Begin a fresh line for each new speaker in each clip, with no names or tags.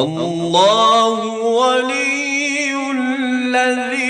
الله ولي الذي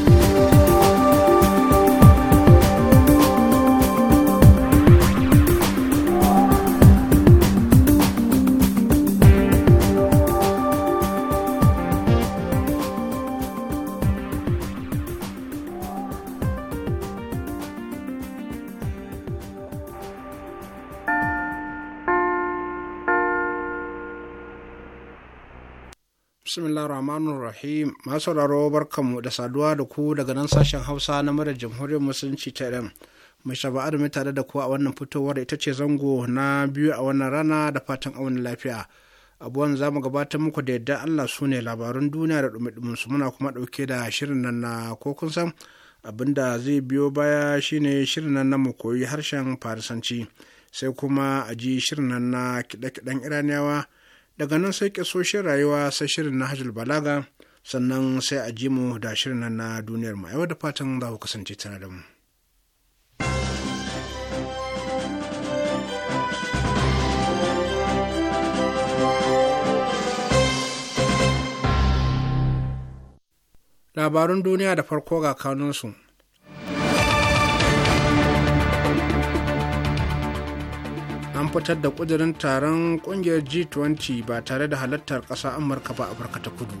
bismillah rahmanu rahim masu sauraro mu da saduwa da ku daga nan sashen hausa na murar jamhuriyar musulunci ta iran mai shaba'ar mai tare da ku a wannan fitowar ita ce zango na biyu a wannan rana da fatan awon lafiya abuwan za mu gabatar muku da yadda allah su ne labarun duniya da dumi su muna kuma ɗauke da shirin nan na ko kun san abin da zai biyo baya shine shirin nan na mu koyi harshen farisanci sai kuma a ji shirin nan na kiɗe-kiɗen iraniyawa daga nan sai shirin rayuwa sai shirin na hajjul balaga sannan sai a ji mu da shirin nan na duniyar mu yau da fatan za ku kasance tare da mu. Labarun duniya da farko ga kanunsu. an fitar da kudirin taron kungiyar g20 ba tare da halartar ƙasa amurka ba afirka ta kudu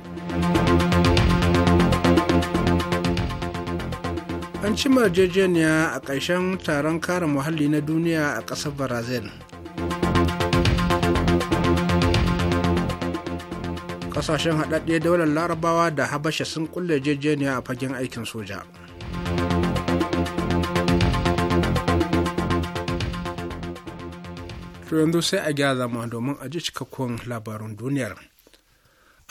an ci yarjejeniya a ƙarshen taron kare muhalli na duniya a ƙasar brazil ƙasashen haɗaɗɗe daular larabawa da habasha sun kulle jejeniya a fagen aikin soja to yanzu sai a gyara zama domin a ji cikakkun labarun duniyar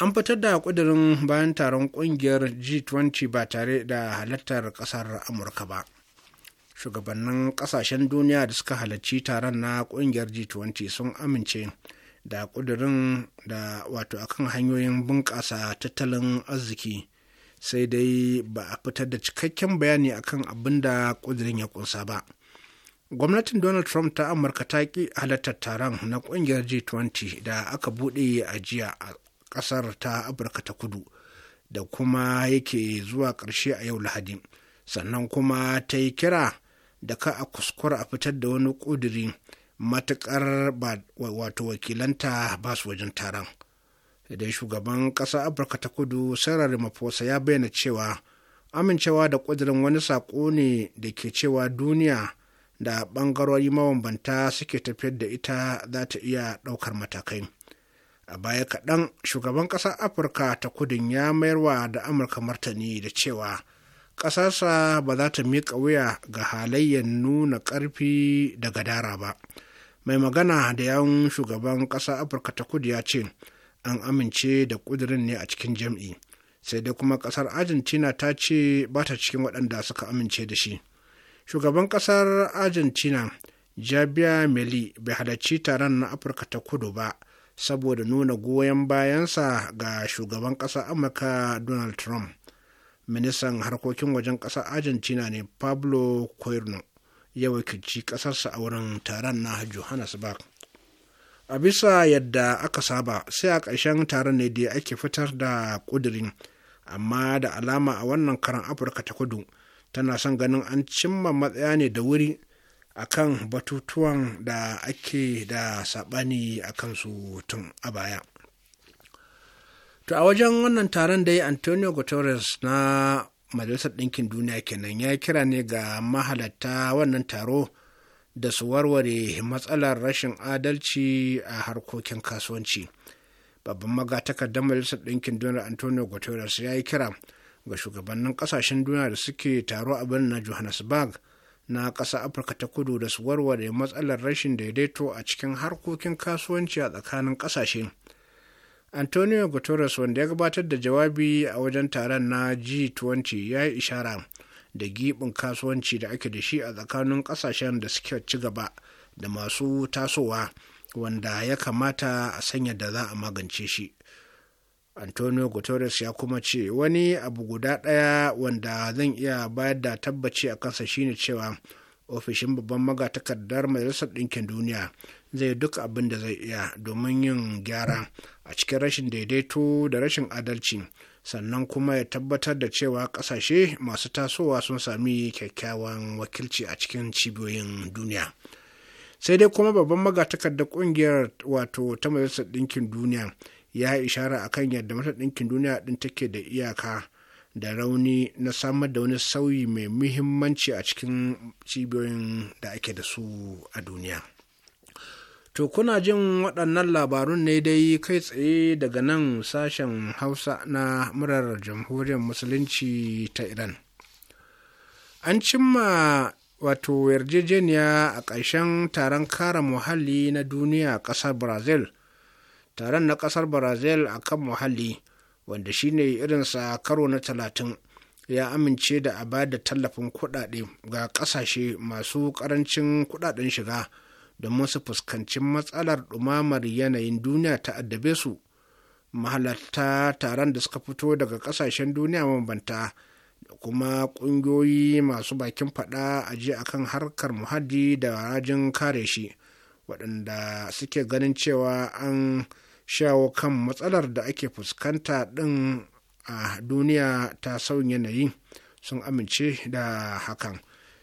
an fitar da kudirin bayan taron ƙungiyar g20 ba tare da halartar ƙasar amurka ba shugabannin ƙasashen duniya da suka halarci taron na ƙungiyar g20 sun amince da kudirin da wato akan hanyoyin bunƙasa tattalin arziki sai dai ba a fitar da cikakken bayani akan abin da kudirin ya ƙunsa ba. gwamnatin donald trump ta amurka ta ki halartar taron na ƙungiyar g20 da aka buɗe a jiya a ƙasar ta afirka ta kudu da kuma yake zuwa ƙarshe a yau lahadi sannan kuma ta yi kira da ka a kuskura a fitar da wani ƙudiri matuƙar wato wakilanta ba su wajen taron da shugaban ƙasa afirka ta kudu Sarah mafosa ya bayyana cewa amincewa da ƙudirin wani saƙo ne da ke cewa duniya da ɓangarori mabambanta suke tafiyar da ita za ta iya ɗaukar matakai a baya kaɗan shugaban ƙasar afirka ta kudin ya mayarwa da amurka martani da cewa ƙasarsa ba za ta miƙa wuya ga halayyar nuna ƙarfi da gadara ba mai magana da yawun shugaban ƙasar afirka ta kudu ya ce an amince da ƙudurin ne a cikin jam'i sai dai kuma ƙasar argentina ta ce ba ta cikin waɗanda suka amince da shi shugaban kasar argentina jabia meli bai halarci taron na afirka ta kudu ba saboda nuna goyon bayansa ga shugaban ƙasar amurka donald trump ministan harkokin wajen ƙasar argentina ne pablo cuerno ya wakilci kasarsa a wurin taron na johannesburg a bisa yadda aka saba sai a ƙarshen taron ne da ake fitar da ƙudurin amma da alama a wannan karan afirka ta kudu tana son ganin an cimma matsaya ne da wuri a kan batutuwan da ake da saɓani a kansu tun a baya to a wajen wannan taron da ya antonio guterres na majalisar ɗinkin duniya kenan ya kira ne ga mahalatta wannan taro da su warware matsalar rashin adalci a harkokin kasuwanci babban magatakardan majalisar ɗinkin duniya antonio guterres ya yi kira ga shugabannin kasashen duniya da suke taro a birnin na johannesburg na ƙasa afirka ta kudu da su warware matsalar rashin daidaito a cikin harkokin kasuwanci a tsakanin ƙasashe antonio guterres wanda ya gabatar da jawabi a wajen taron na g20 ya yi ishara da giɓin kasuwanci da ake da shi a tsakanin ƙasashen da suke ci gaba da masu tasowa wanda ya kamata a sanya da za a magance shi antonio guterres ya kuma ce wani abu guda ɗaya wanda zan iya bayar da tabbaci a kansa shine cewa ofishin babban magatakardar majalisar ɗinkin duniya zai duk abin da zai iya domin yin gyara a cikin rashin daidaito da rashin adalci sannan kuma ya tabbatar da cewa ƙasashe masu tasowa sun sami kyakkyawan wakilci a cikin cibiyoyin duniya sai dai kuma babban magatakardar ƙungiyar wato ta majalisar ɗinkin duniya ya yi ishara kan yadda mata ɗinkin duniya ɗin take da iyaka da rauni na samar da wani sauyi mai muhimmanci a cikin cibiyoyin da ake da su a duniya. To kuna jin waɗannan labarun ne dai kai tsaye daga nan sashen Hausa na murar jamhuriyar Musulunci ta Iran. An cimma wato yarjejeniya a ƙarshen taron kare muhalli na duniya a ƙasar Brazil. taron na kasar brazil a kan muhalli wanda shine irinsa karo na talatin ya amince da a ba da tallafin kudade ga kasashe masu karancin kudaden shiga domin su fuskanci matsalar dumamar yanayin duniya ta addabe su mahalarta taron da suka fito daga kasashen duniya mabanta da kuma kungiyoyi masu bakin fada a je akan harkar muhalli da rajin kare shi waɗanda suke ganin cewa an shawo kan matsalar da ake fuskanta ɗin a duniya ta sauyin yanayi sun amince da hakan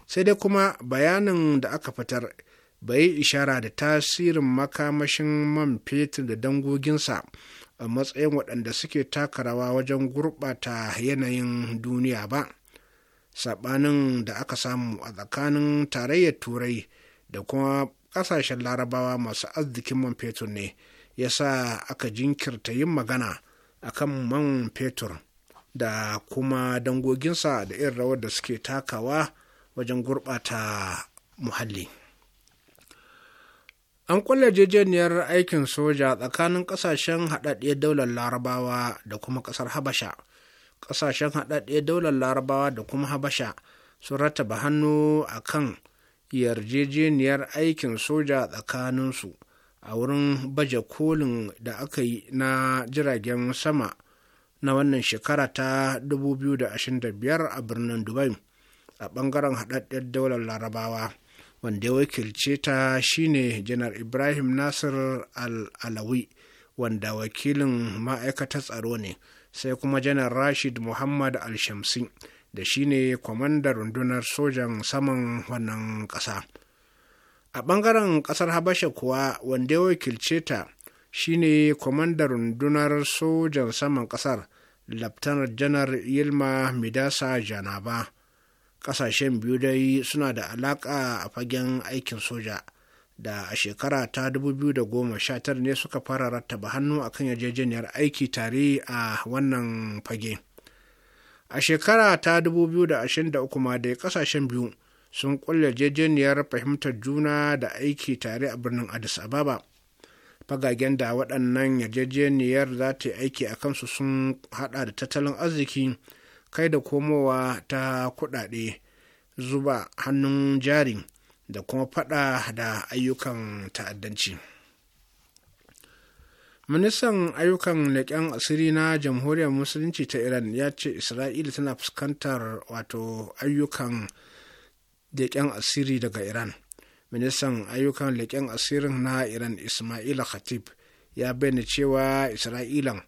sai dai kuma bayanin da aka fitar bai yi ishara da tasirin makamashin man fetur da dangoginsa a matsayin waɗanda suke taka rawa wajen gurɓata yanayin duniya ba saɓanin da aka samu a tsakanin tarayyar turai da kuma ƙasashen larabawa masu arzikin man fetur ne ya sa aka jinkirta yin magana a kan man fetur da kuma dangoginsa da irin rawar da suke takawa wajen gurɓata muhalli. An kulle jejeniyar aikin soja tsakanin ƙasashen haɗaɗɗiyar daular larabawa da kuma ƙasar Habasha. Ƙasashen haɗaɗɗiyar daular larabawa da kuma Habasha sun rattaba hannu a kan yarjejeniyar aikin soja tsakaninsu a wurin baje kolin da aka yi na jiragen sama na wannan shekara ta 2025 a birnin dubai a bangaren haɗaɗɗen daular larabawa wanda ya wakilce ta shine janar ibrahim nasir al-alawi wanda wakilin ma'aikatar tsaro ne sai kuma janar rashid muhammad al-shamsi da shine kwamandar rundunar sojan saman wannan ƙasa. a ɓangaren ƙasar habasha kuwa wanda ya wakilce ta shine kwamandan rundunar sojan saman ƙasar laftanar janar yilma midasa janaba ƙasashen biyu dai suna da alaƙa a fagen aikin soja da a shekara ta 2019 ne suka fara rattaba hannu a kan yarjejeniyar aiki tare a wannan fage a shekara ta 2023 ma dai ƙasashen biyu sun kulle jejeniyar fahimtar juna da aiki tare a birnin addis ababa fagagen da waɗannan yarjejeniyar za ta yi aiki a kansu sun haɗa da tattalin arziki kai da komowa ta kuɗaɗe zuba hannun jari da kuma faɗa da ayyukan ta'addanci ministan ayyukan leƙen asiri na jamhuriyar musulunci ta iran ya ce isra'ila tana fuskantar wato ayyukan leƙen asiri daga iran ministan ayyukan leƙen asirin na iran ismaila khatib ya bayyana cewa isra'ilan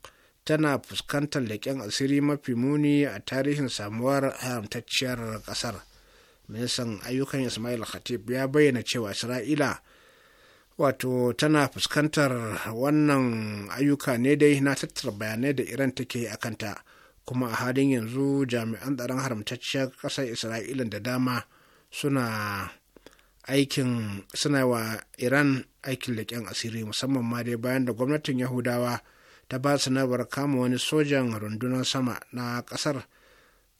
tana fuskantar leƙen asiri mafi muni a tarihin samuwar haramtacciyar ƙasar ministan ayyukan ismail khatib ya bayyana cewa isra'ila wato tana fuskantar wannan ayyuka ne dai na tattara bayanai da iran take a kanta kuma a halin yanzu jami'an tsaron haramtacciyar ƙasar isra'ila da dama suna aikin suna wa iran aikin leƙen asiri musamman ma dai bayan da gwamnatin yahudawa ta ba sanarwar kama wani sojan rundunar sama na ƙasar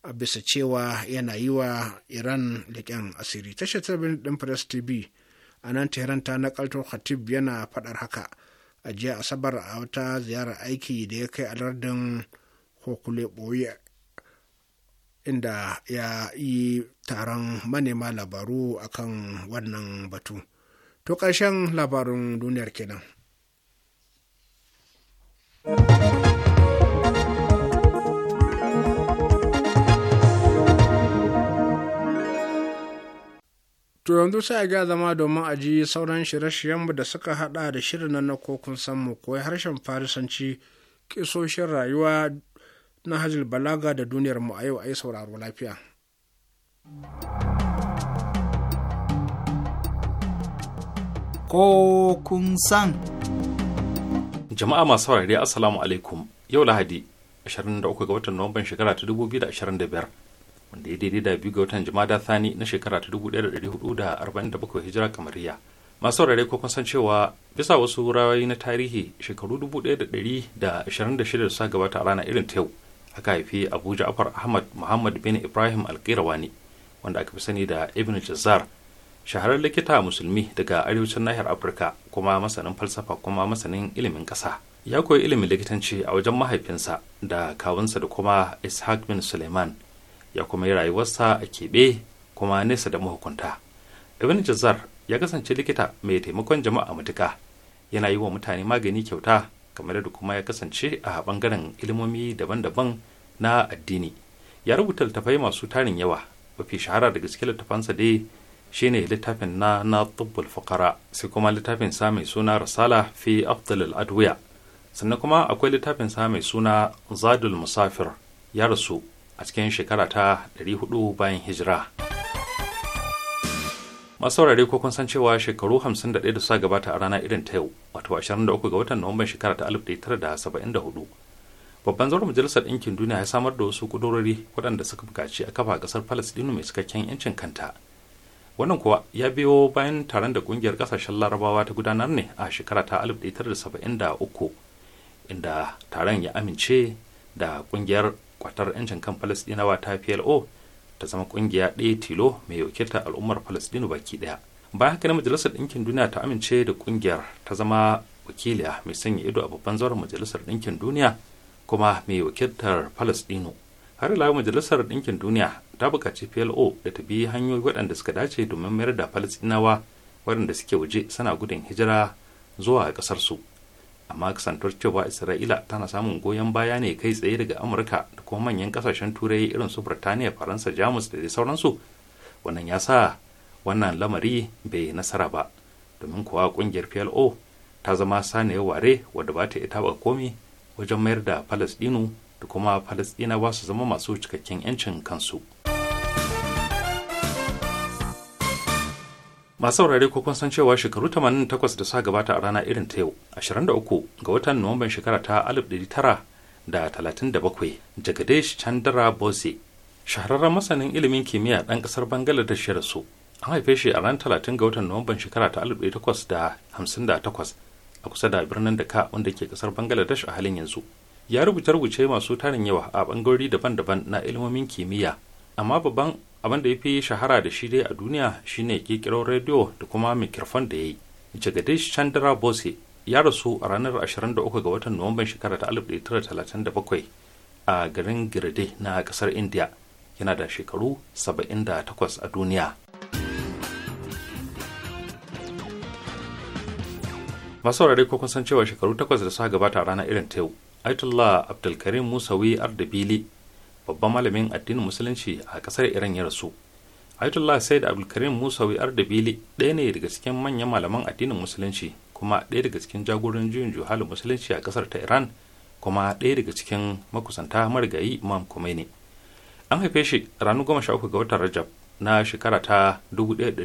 a bisa cewa yana yi wa iran leƙen asiri tashar talabijin ɗin press tv a nan tehran ta nakalto khatib yana faɗar haka a jiya asabar a wata ziyarar aiki da ya kai a lardin kokule ɓoye inda ya yi taron manema labaru akan wannan batu to ƙarshen labarin duniyar kenan To yanzu sai ga zama domin a ji sauran shirye-shiryenmu da suka hada da shirin na kokun sanmu ko harshen farisanci kisoshin rayuwa na hajjul balaga da duniyar mu a yau a yi sauraro lafiya.
Ko kun san.
Jama'a masu saurari Assalamu alaikum yau Lahadi 23 ga watan Nuwamban shekara ta 2025 wanda ya daidai da biyu ga watan Jama'a Thani na shekara ta 1447 hijira kamariya. Masu saurari ko kun san cewa bisa wasu rawayi na tarihi shekaru 1126 da suka gabata a ranar irin ta yau aka haifi abu ja'far ahmad muhammad bin ibrahim alkirawani wanda aka fi sani da ibn jazar shaharar likita musulmi daga arewacin nahiyar afirka kuma masanin falsafa kuma masanin ilimin ƙasa ya koyi ilimin likitanci a wajen mahaifinsa da kawunsa da kuma ishaq bin suleiman ya kuma yi rayuwarsa a keɓe kuma nesa da mahukunta ibn jazar ya kasance likita mai taimakon jama'a matuka yana yi wa mutane magani kyauta kamar da kuma ya kasance a bangaren ilimomi daban-daban na addini ya rubuta littafai masu tarin yawa mafi shahara da gaske littafansa dai shine littafin na na tubbul fukara sai kuma littafin sa mai suna rasala fi abdul adwiya sannan kuma akwai littafin sa mai suna zadul musafir ya rasu a cikin shekara ta 400 bayan hijira. masu saurare ko kun san cewa shekaru 51 da su gabata a rana irin ta yau wato 23 ga watan nuwamban shekara ta 1974 babban zauren majalisar ɗinkin duniya ya samar da wasu kudurori waɗanda suka buƙaci a kafa ƙasar palestinu mai cikakken 'yancin kanta wannan kuwa ya biyo bayan taron da ƙungiyar ƙasashen larabawa ta gudanar ne a shekara ta 1973 inda taron ya amince da ƙungiyar kwatar 'yancin kan palestinawa ta plo ta zama kungiya ɗaya tilo mai wakiltar al'ummar palestino baki ɗaya bayan haka na majalisar ɗinkin duniya ta amince da kungiyar ta zama wakiliya mai sanya ido a babban zauren majalisar ɗinkin duniya kuma mai wakiltar palestino har ila majalisar ɗinkin duniya ta buƙaci plo da ta bi hanyoyi waɗanda suka dace domin mayar da palestinawa waɗanda suke waje suna gudun hijira zuwa ƙasarsu amma kasantar cewa isra'ila tana samun goyon baya ne kai tsaye daga amurka da kuma manyan kasashen turai irin su birtaniya faransa jamus da dai sauransu wannan ya sa wannan lamari bai nasara ba domin kuwa kungiyar plo ta zama saniyar ware wadda ba ta ita ba komi wajen mayar da falasdinu da kuma ba su zama masu cikakken 'yancin kansu. masu saurare ko kun san cewa shekaru 88 da suka gabata a rana irin ta yau 23 ga watan nuwamban shekara ta 1937 jagadesh chandra bose shahararren masanin ilimin kimiyya ɗan ƙasar bangladesh ya rasu an haife shi a ranar 30 ga watan nuwamban shekara ta 1858 a kusa da birnin daka wanda ke ƙasar bangladesh a halin yanzu ya rubuce rubuce masu tarin yawa a bangarori daban-daban na ilimomin kimiyya amma babban abin da ya fi shahara da shi dai a duniya shine kirkirar rediyo da kuma mikrofon da ya yi jagadish chandra bose ya rasu a ranar 23 ga watan nuwamban shekara ta 1937 a garin girde na kasar india yana da shekaru 78 a duniya masu wurare ko kun cewa shekaru takwas da suka gabata a ranar irin ta yau aitullah abdulkarim musawi ardabili babban malamin addinin musulunci a kasar iran ya rasu ayatollah said abdulkarim musawi ardabili ɗaya ne daga cikin manyan malaman addinin musulunci kuma ɗaya daga cikin jagoran juyin juhalin musulunci a kasar ta iran kuma ɗaya daga cikin makusanta marigayi imam khomeini an haife shi ranar goma sha uku ga watan rajab na shekara ta 1344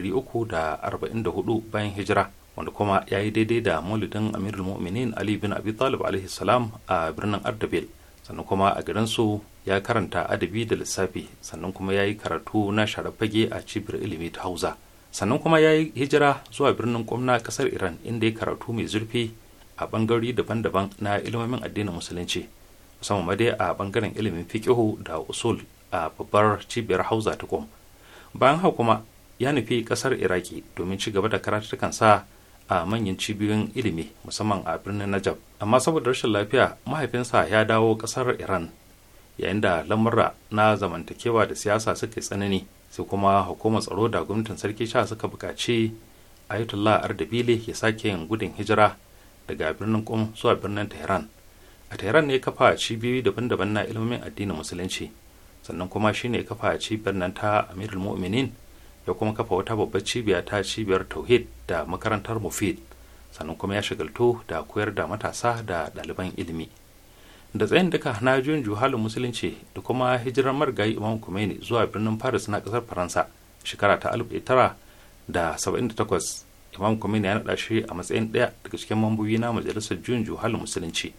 bayan hijira wanda kuma ya yi daidai da maulidin amirul mu'minin ali bin abi talib alaihi salam a birnin ardabil sannan kuma a garinsu su ya karanta adabi da lissafi sannan kuma ya yi karatu na sharafage a cibiyar ilimi ta hausa sannan kuma ya yi hijira zuwa birnin gwamna kasar iran inda ya karatu mai zurfi a bangarori daban-daban na ilimomin addinin musulunci musamman dai a bangaren ilimin fiqihu da usul a babbar cibiyar hausa ta kom bayan haka kuma ya nufi kasar iraki domin ci gaba da sa a manyan cibiyoyin ilimi musamman a birnin najab amma saboda rashin lafiya mahaifinsa ya dawo kasar iran yayin da lamurra na zamantakewa da siyasa suka tsanani sai kuma hukumar tsaro da gwamnatin sarki sha suka buƙaci ayatollah ardabili ya sake yin gudun hijira daga birnin kum zuwa birnin tehran a tehran ne kafa cibiyoyi daban-daban na ilimin addinin musulunci sannan kuma shine ya kafa cibiyar nan ta amirul mu'minin ya kuma kafa wata babbar cibiya ta cibiyar tauhid da makarantar mufid sannan kuma ya shagaltu da koyar da matasa da ɗaliban ilimi da tsayin duka na juyin juhalin musulunci da kuma hijirar marigayi imam kumeni zuwa birnin paris na kasar faransa shekara ta 1978 imam kumeni ya naɗa shi a matsayin ɗaya daga cikin mambobi na majalisar juyin juhalin musulunci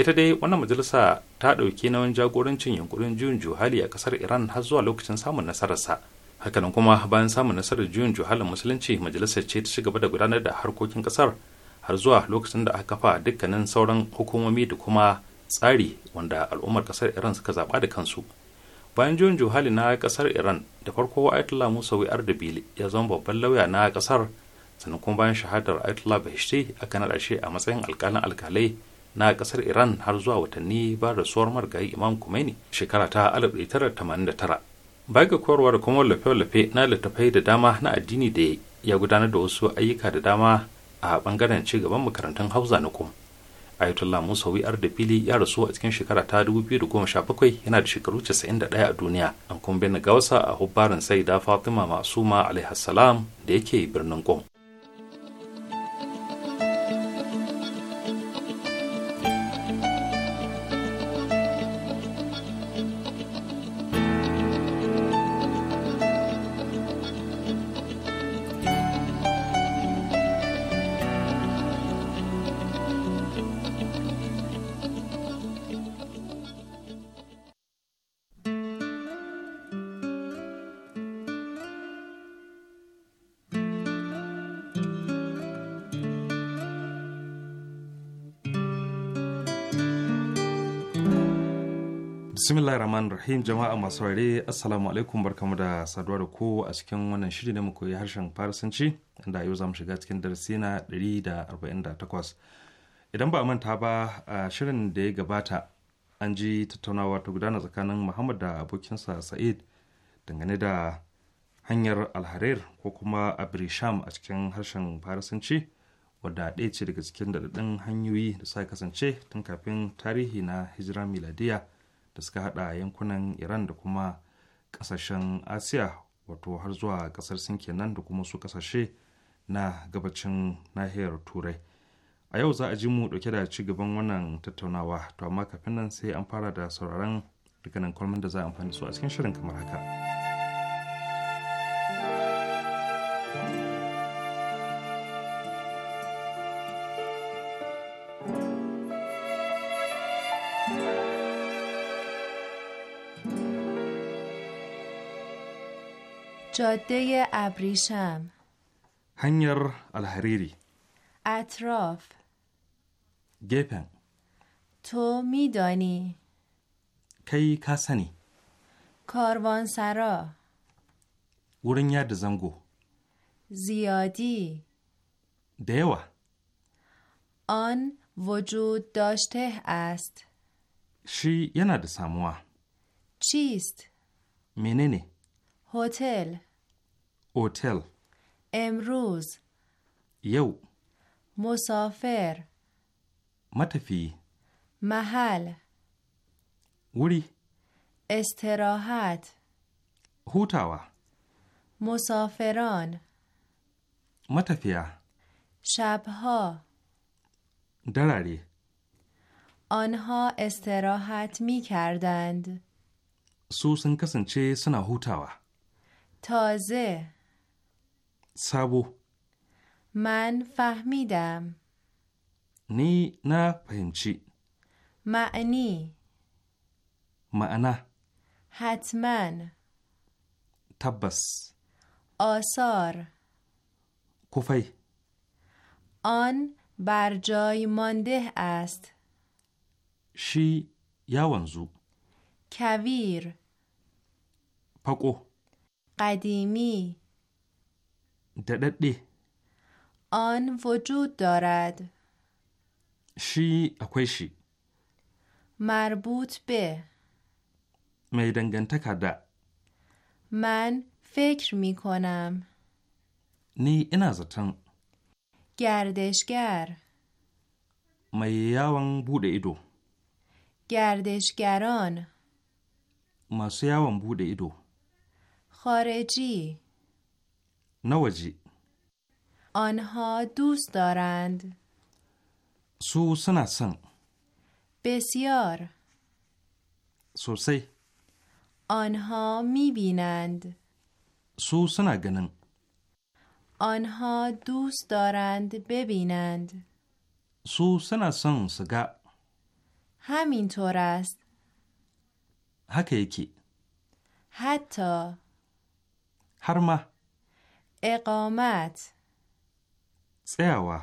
ita dai wannan majalisa ta ɗauki nauyin jagorancin yunkurin juyin juhali a kasar iran har zuwa lokacin samun nasararsa hakanan kuma bayan samun nasarar juyin juhalin musulunci majalisar ce ta ci gaba da gudanar da harkokin kasar har zuwa lokacin da aka kafa dukkanin sauran hukumomi da kuma tsari wanda al'ummar kasar iran suka zaba da kansu bayan juyin juhali na kasar iran da farko ayatollah da ardabil ya zama babban lauya na kasar sannan kuma bayan shahadar ayatollah bahishti aka naɗa shi a matsayin alkalin alkalai na kasar iran har zuwa watanni ba rasuwar marigayi imam kumaini shekara ta 1989 baya ga koyarwa da kuma wallafe-wallafe na littattafai da dama na addini da ya gudanar da wasu ayyuka da dama a ɓangaren ci gaban makarantun hausa na kuma ayatollah da fili ya rasu a cikin shekara ta 2017 yana da shekaru 91 a duniya an kuma bin gausa a hubbarin sai da fatima masuma alaihi da yake birnin kom. bismillah rahman rahim jama'a masu saurare assalamu alaikum barkamu da saduwa da ko a cikin wannan shiri ne muku harshen farisanci inda yau za mu shiga cikin darasi na 148 idan ba a manta ba a shirin da ya gabata an ji tattaunawa ta gudana tsakanin muhammad da abokinsa sa'id dangane da hanyar alharir ko kuma abrisham a cikin harshen farisanci wadda ɗaya ce daga cikin daɗaɗɗun hanyoyi da suka kasance tun kafin tarihi na hijira miladiyya da suka hada yankunan iran da kuma kasashen asiya wato har zuwa kasar sin kenan da kuma su kasashe na gabacin nahiyar turai a yau za a ji mu dauke da ci gaban wannan tattaunawa to amma kafin nan sai an fara da sauraron dukkanin kwalmin da za a amfani su a cikin shirin kamar haka.
جاده ابریشم
هنگر الحریری
اطراف گپن تو میدانی
کی کسنی
کاروان سرا
یاد زنگو
زیادی دیو، آن وجود داشته است
شی یه ساموا
چیست؟ مننه هتل هتل امروز یو مسافر متفی محل وری استراحت هوتاوا مسافران متفیا شبها دراری آنها استراحت می کردند
سوسن کسن چه سنا هوتاوا
تازه سبو من فهمیدم
نی نه پهمچی
معنی معنا حتما
تبس
آثار کفی آن بر جای مانده است
شی یاونزو
کویر پکو. قدیمی دددی آن وجود دارد
شی اکوی شی
مربوط به
میدنگنتک دا
من فکر می کنم
نی اینا زتن
گردشگر
mai yawon bude ido.
Gyardeshgaron.
Masu yawon bude ido.
خارجی نوجی آنها دوست دارند
سو سنسن
بسیار سوسی آنها می بینند سو آنها دوست دارند ببینند
سو سنسن سگا
همینطور است
حتی har ma
اقامت tsayawa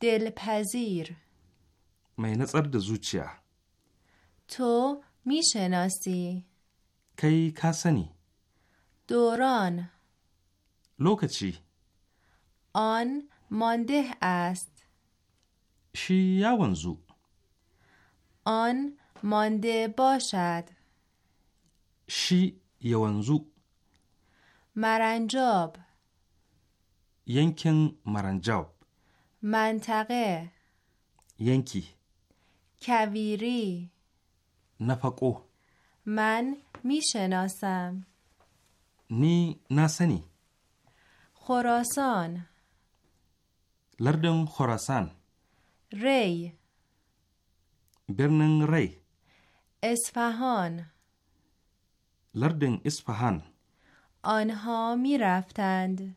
دلپذیر
mai natsar da zuciya.
To mi shanasi.
Kai ka sani.
Doron. Lokaci. On mondeh ast. Shi ya wanzu. On monde bashad.
Shi ya wanzu.
مرنجاب
ینکن مرنجاب
منطقه ینکی کویری
نفقو
من میشناسم
نی ناسنی.
خراسان
لردن خراسان ری برنن ری
اسفهان
لردن اسفهان
آنها می رفتند.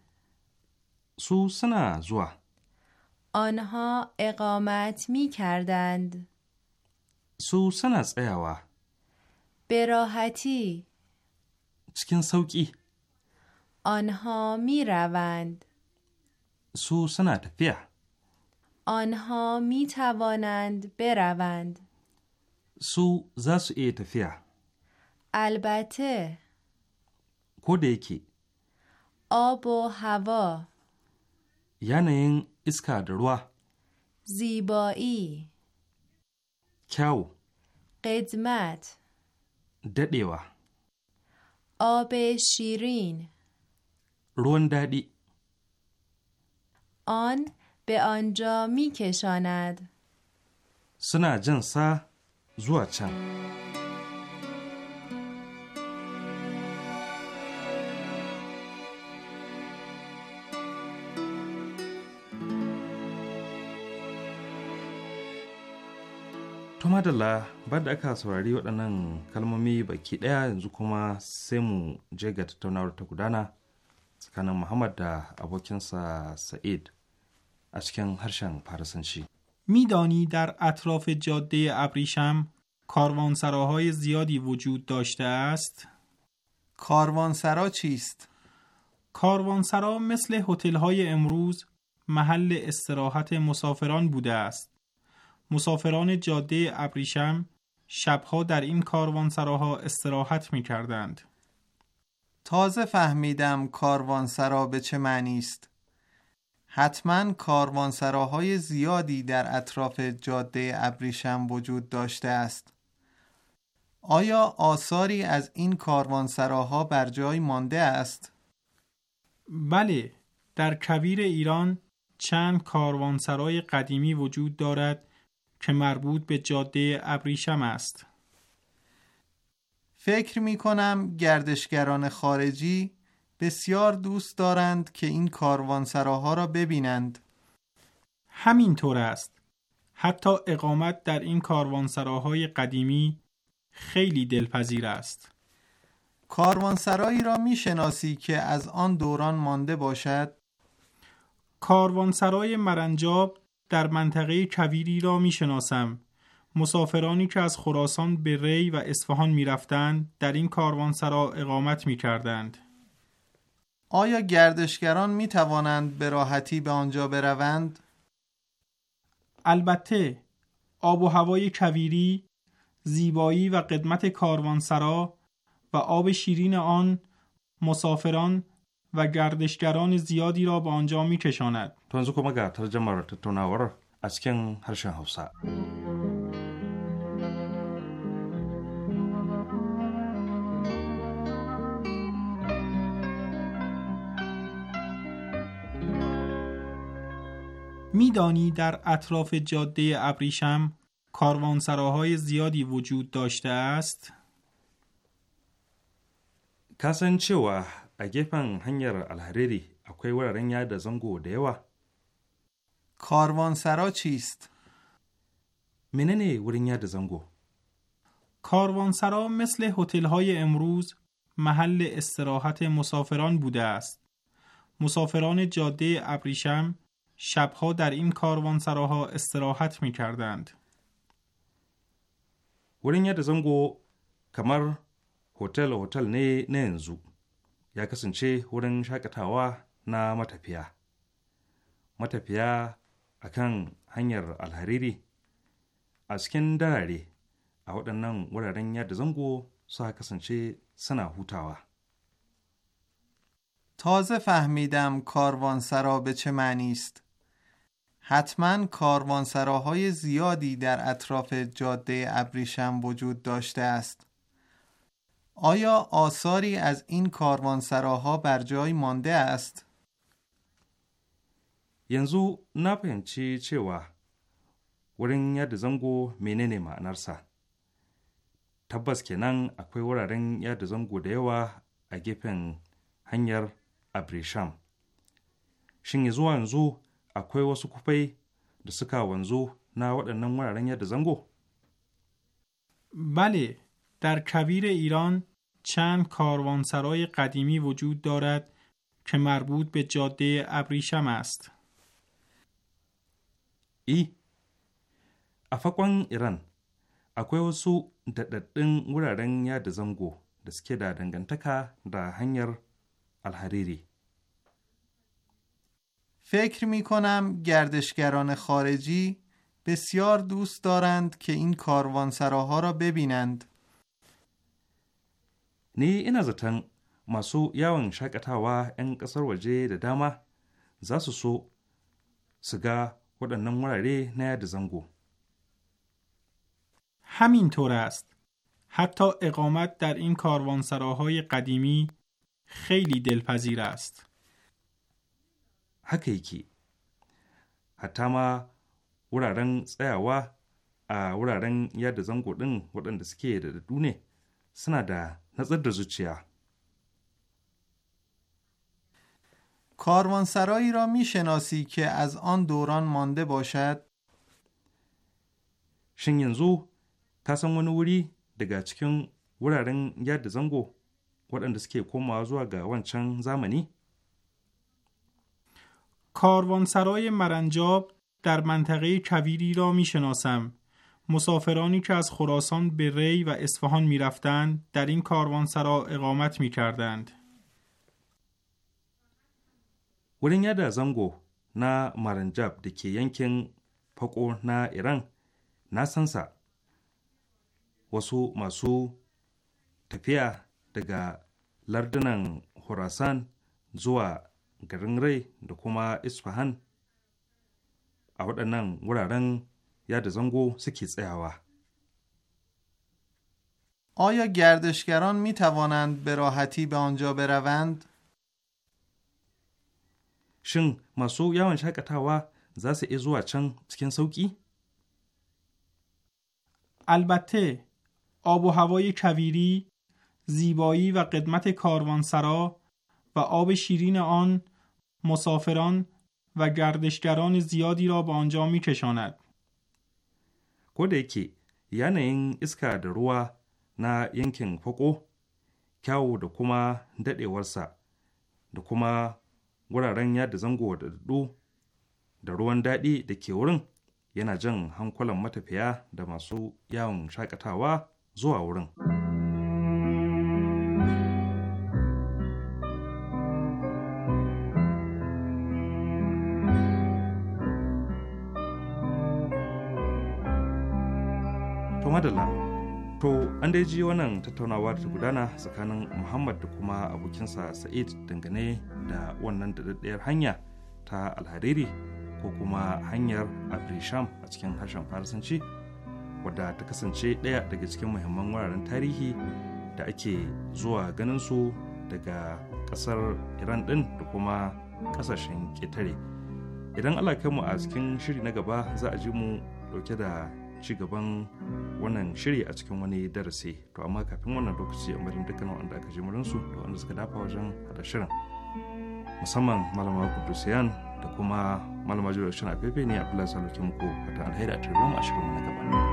سو سنا زوا
آنها اقامت می کردند.
سو سنا ایوا.
به راحتی
چکن سوکی
آنها می روند.
سو سنا تفیه
آنها می توانند بروند.
سو زس ای تفیه
البته کودکی آب و هوا
یعنی اسکا دروا
زیبایی کیو قدمت ددیوا آب شیرین
رون دادی
آن به آنجا می کشاند
سنا جنسا زوا چند To madalla ba da aka saurari waɗannan kalmomi baki ɗaya yanzu kuma sai mu je ga tattaunawar ta gudana tsakanin Muhammad da abokinsa Sa'id a cikin harshen Farisanci.
میدانی در اطراف جاده ابریشم کاروانسراهای زیادی وجود داشته است؟ کاروانسرا چیست؟ کاروانسرا مثل هتل‌های امروز محل استراحت مسافران بوده است. مسافران جاده ابریشم شبها در این کاروانسراها استراحت می کردند. تازه فهمیدم کاروانسرا به چه
معنی است. حتما کاروانسراهای زیادی در اطراف جاده ابریشم وجود داشته است. آیا آثاری
از این کاروانسراها بر جای مانده است؟ بله، در کویر ایران چند کاروانسرای قدیمی وجود دارد که مربوط به جاده ابریشم است.
فکر می کنم گردشگران خارجی بسیار دوست دارند که
این کاروانسراها را ببینند. همینطور است. حتی اقامت در این کاروانسراهای قدیمی خیلی دلپذیر است. کاروانسرایی را می شناسی که از آن دوران مانده باشد؟ کاروانسرای مرنجاب در منطقه کویری را می شناسم. مسافرانی که از خراسان به ری و اصفهان می رفتند در این کاروانسرا اقامت می کردند. آیا گردشگران می توانند به راحتی به آنجا بروند؟ البته آب و هوای کویری، زیبایی و قدمت کاروانسرا و آب شیرین آن مسافران و گردشگران زیادی را به آنجا می کشاند. میدانی در اطراف جاده ابریشم کاروانسراهای زیادی وجود داشته است؟ کسان چه a gefen hanyar alhariri
akwai wuraren yada zango da yawa کاروانسرا چیست؟
مننه ورین یاد زنگو کاروانسرا مثل هتل های امروز محل استراحت مسافران بوده است. مسافران جاده ابریشم شبها در این کاروانسراها استراحت می کردند.
ورین یاد زنگو کمر هتل هتل نه نه انزو ya kasance wurin shakatawa na matafiya matafiya a kan hanyar alhariri a cikin darare a waɗannan wuraren yadda zango suka
kasance suna hutawa تازه فهمیدم کاروانسرا به چه معنی است. حتما کاروانسراهای زیادی در اطراف جاده ابریشم وجود داشته است. آیا آثاری از این کاروانسراها بر جای مانده است؟ yanzu na fahimci cewa
wurin yada zango menene ma'anarsa tabbas kenan akwai wuraren yada zango da yawa a gefen hanyar abrisham shin zuwa yanzu akwai wasu kufai da suka wanzu na
waɗannan wuraren yada zango bale در کویر ایران چند کاروانسرای قدیمی وجود دارد که مربوط به جاده ابریشم است. ای
افاقوان ایران اکوی وسو دددن یا دزنگو
د الحریری فکر می کنم گردشگران خارجی بسیار دوست دارند که این کاروانسراها را ببینند. Ni ina zaton masu yawon shakatawa 'yan ƙasar waje da
dama za su so su ga waɗannan wurare na yada zango.
همینطور است. حتی اقامت در این کاروانسراهای قدیمی خیلی دلپذیر است. haka yake hatta ma wuraren
tsayawa a wuraren yada zango ɗin waɗanda suke da dadu ne suna
da نظر da کاروانسرایی را می شناسی که از آن دوران مانده باشد؟ شن ینزو تا سن ونی وری daga cikin wuraren
yada zango waɗanda suke
کاروانسرای مرنجاب در منطقه کویری را می شناسم. مسافرانی که از خراسان به ری و اصفهان رفتند در این کاروانسرا اقامت می
wurin yada zango na Maranjab da ke yankin fako na Iran na sansa wasu masu tafiya daga lardunan zuwa garin Rai da kuma یاد زنگو سکیز
آیا گردشگران می توانند به راحتی به آنجا بروند؟ شن مسو یوان شکتاوا زاس چن سکن سوکی؟
البته آب و هوای کویری، زیبایی و قدمت کاروانسرا و آب شیرین آن مسافران و گردشگران زیادی را به آنجا می کشاند.
ko da yake yanayin iska da ruwa na yankin fako kyawu da kuma daɗewarsa da kuma wuraren yada zango da dudu da ruwan daɗi da ke wurin yana jan hankulan matafiya da masu yawon shakatawa zuwa wurin. madala to an dai ji wannan tattaunawa da ta gudana tsakanin muhammad da kuma abokinsa sa'id dangane da wannan daɗaɗɗiyar hanya ta alhariri ko kuma hanyar abrisham a cikin harshen farisanci wadda ta kasance ɗaya daga cikin muhimman wuraren tarihi da ake zuwa ganin su daga ƙasar iran ɗin da kuma ƙasashen ƙetare idan allah mu a cikin shiri na gaba za a ji mu ɗauke da ci gaban wannan shiri a cikin wani darasi to amma kafin wannan lokaci a madadin dukkan wanda aka ji su da wanda suka dafa wajen hada shirin musamman malama kudusiyan da kuma malama jirgin shirin a ne filasa salokin ko fata alheri a a shirin wani gaba.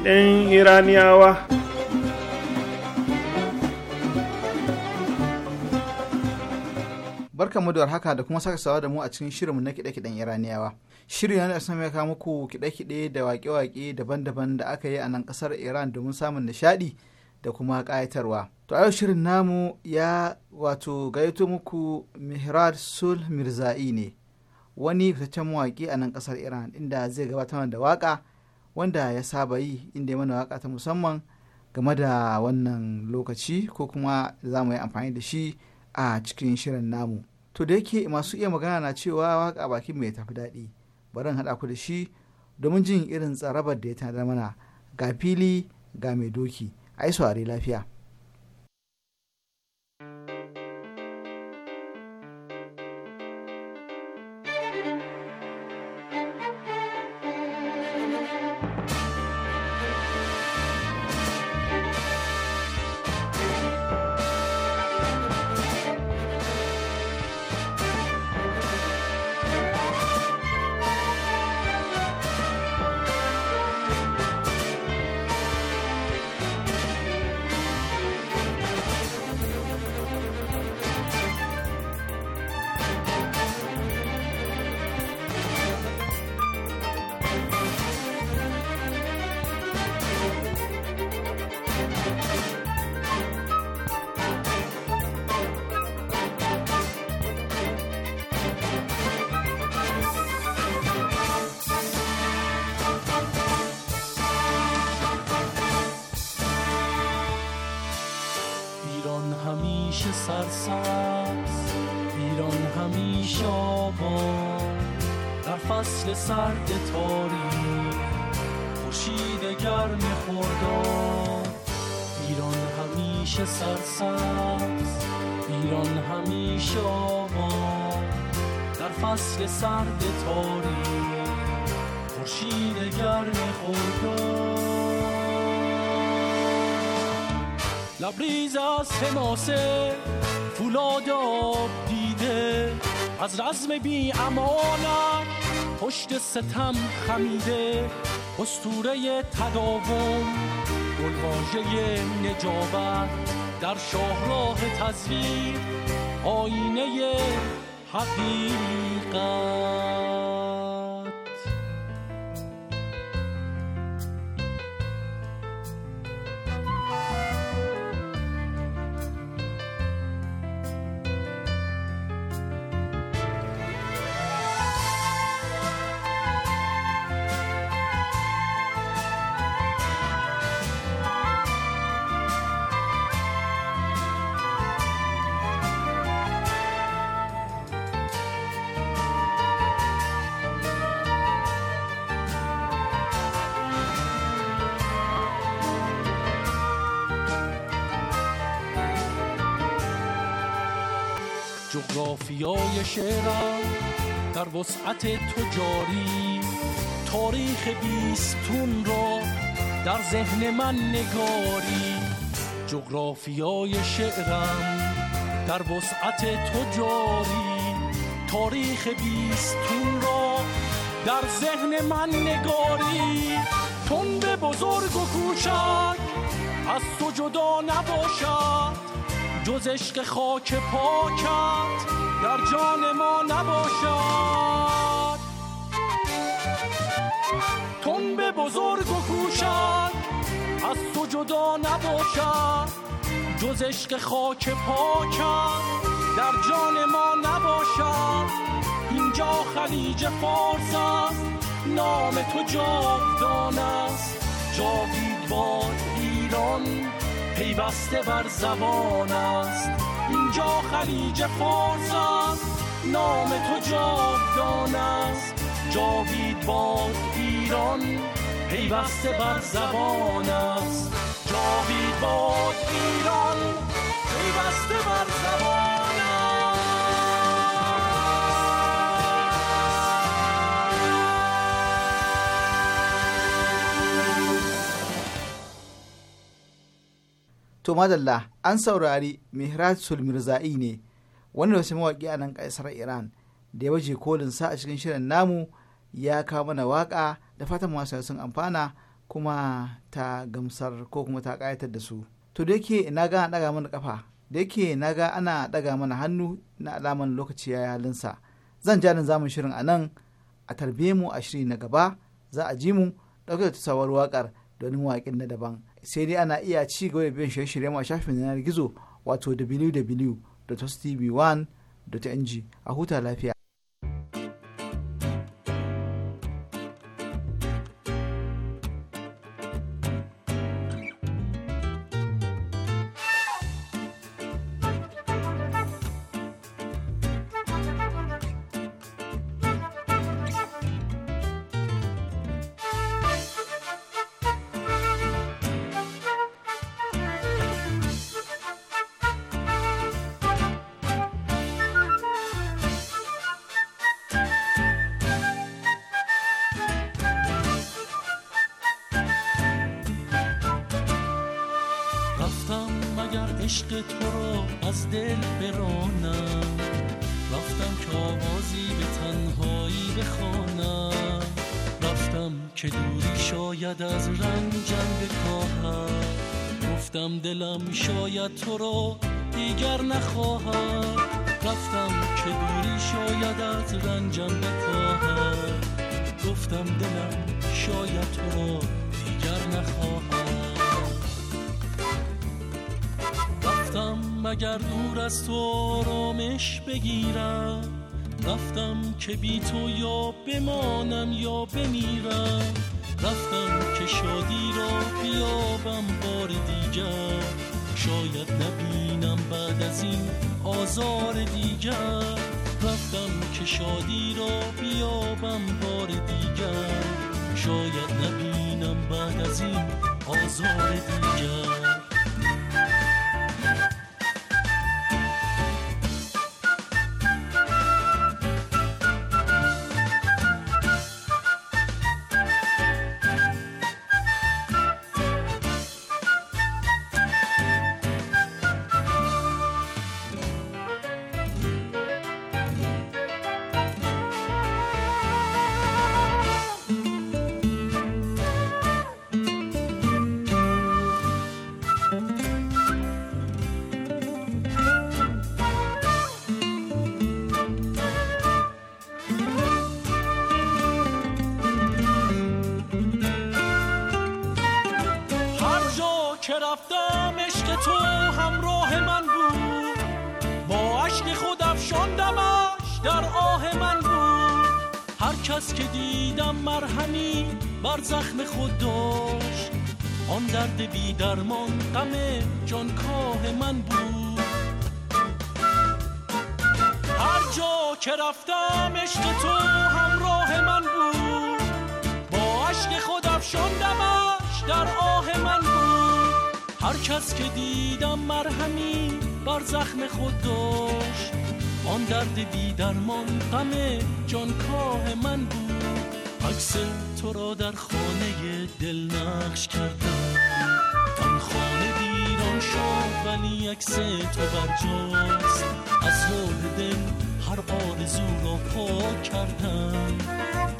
kiɗe iraniyawa
barkan mu da haka da kuma saka sawa da mu a cikin shirinmu na kiɗe-kiɗen iraniyawa shirin yana da ya kawo muku kiɗe-kiɗe da waƙe-waƙe daban-daban da aka yi a nan ƙasar iran domin samun nishaɗi da kuma ƙayatarwa to yau shirin namu ya wato gaito muku mihrad sul mirza'i ne wani fitaccen mawaƙi a nan ƙasar iran inda zai gabatar da waƙa wanda ya saba yi inda ya mana waka ta musamman game da wannan lokaci ko kuma za mu yi amfani da shi a cikin shirin namu to da yake masu iya magana na cewa waka bakin mai tafi daɗi barin haɗa ku da shi domin jin irin tsarabar da ya tanadar mana ga fili ga mai doki ai saurari lafiya
سرسبز ایران همیشه آباد در فصل سرد تاری خوشید گرم ایران همیشه سرسبز ایران همیشه آباد در فصل سرد تاری خوشید گرم خرداد لبریز از حماسه فولاد آب دیده از رزم بی پشت ستم خمیده استوره تداوم گلواجه نجابت در شاهراه تزویر آینه حقیقت جغرافیای شعرم در وسعت تجاری تاریخ بیستون را در ذهن من نگاری جغرافیای شعرم در وسعت تجاری تاریخ بیستون را در ذهن من نگاری تند بزرگ و کوچک از تو جدا نباشد جز عشق خاک پاکت در جان ما نباشد تنبه بزرگ و کوشد از تو جدا نباشد جز عشق خاک پاکت در جان ما نباشد اینجا خلیج فارس است نام تو جاودان است جاوید باد ایران پیوسته بر زبان است اینجا خلیج فارس است نام تو جاودان است جاوید باد ایران پیوسته بر زبان است جاوید باد ایران پیوسته بر زبان
to madalla an saurari mihratul za'i ne wanda wasu mawaƙi a nan ƙasar iran da ya waje kolin sa a cikin shirin namu ya kawo mana waƙa da fatan masu sun amfana kuma ta gamsar ko kuma ta ƙayatar da su to da yake na ga ɗaga mana kafa da yake na ga ana ɗaga mana hannu na alaman lokaci ya yalinsa zan ja nan zamun shirin a nan a tarbe mu a shiri na gaba za a ji mu ɗauke da tusawar waƙar domin waƙin na daban sai dai ana iya ci gaba da biyan shirye-shiryen a shafin yanar gizo wato www.tv1.ng a huta lafiya.
از تو آرامش بگیرم رفتم که بی تو یا بمانم یا بمیرم رفتم که شادی را بیابم بار دیگر شاید نبینم بعد از این آزار دیگر رفتم که شادی را بیابم بار دیگر شاید نبینم بعد از این آزار دیگر که دیدم مرهمی بر زخم خود داشت آن درد بی درمان غم کاه من بود هر جا که رفتم عشق تو همراه من بود با عشق خود افشاندمش در آه من بود هر کس که دیدم مرهمی بر زخم خود داشت آن درد بی درمان غم کاه من بود عکس تو را در خانه دل نقش کردم آن خانه دیران شد ولی عکس تو برجاست از حال دل هر آرزو را پاک کردم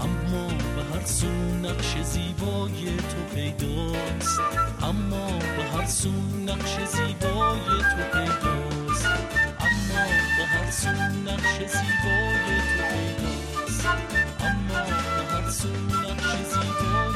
اما به هر سو نقش زیبای تو پیداست اما به هر سو نقش زیبای تو پیداست Sous-titrage Société Radio-Canada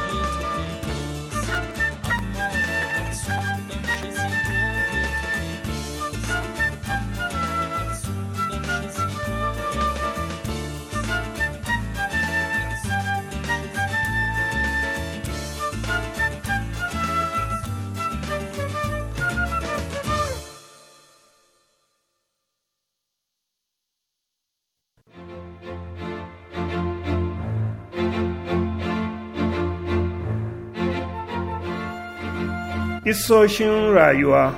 Isoshin rayuwa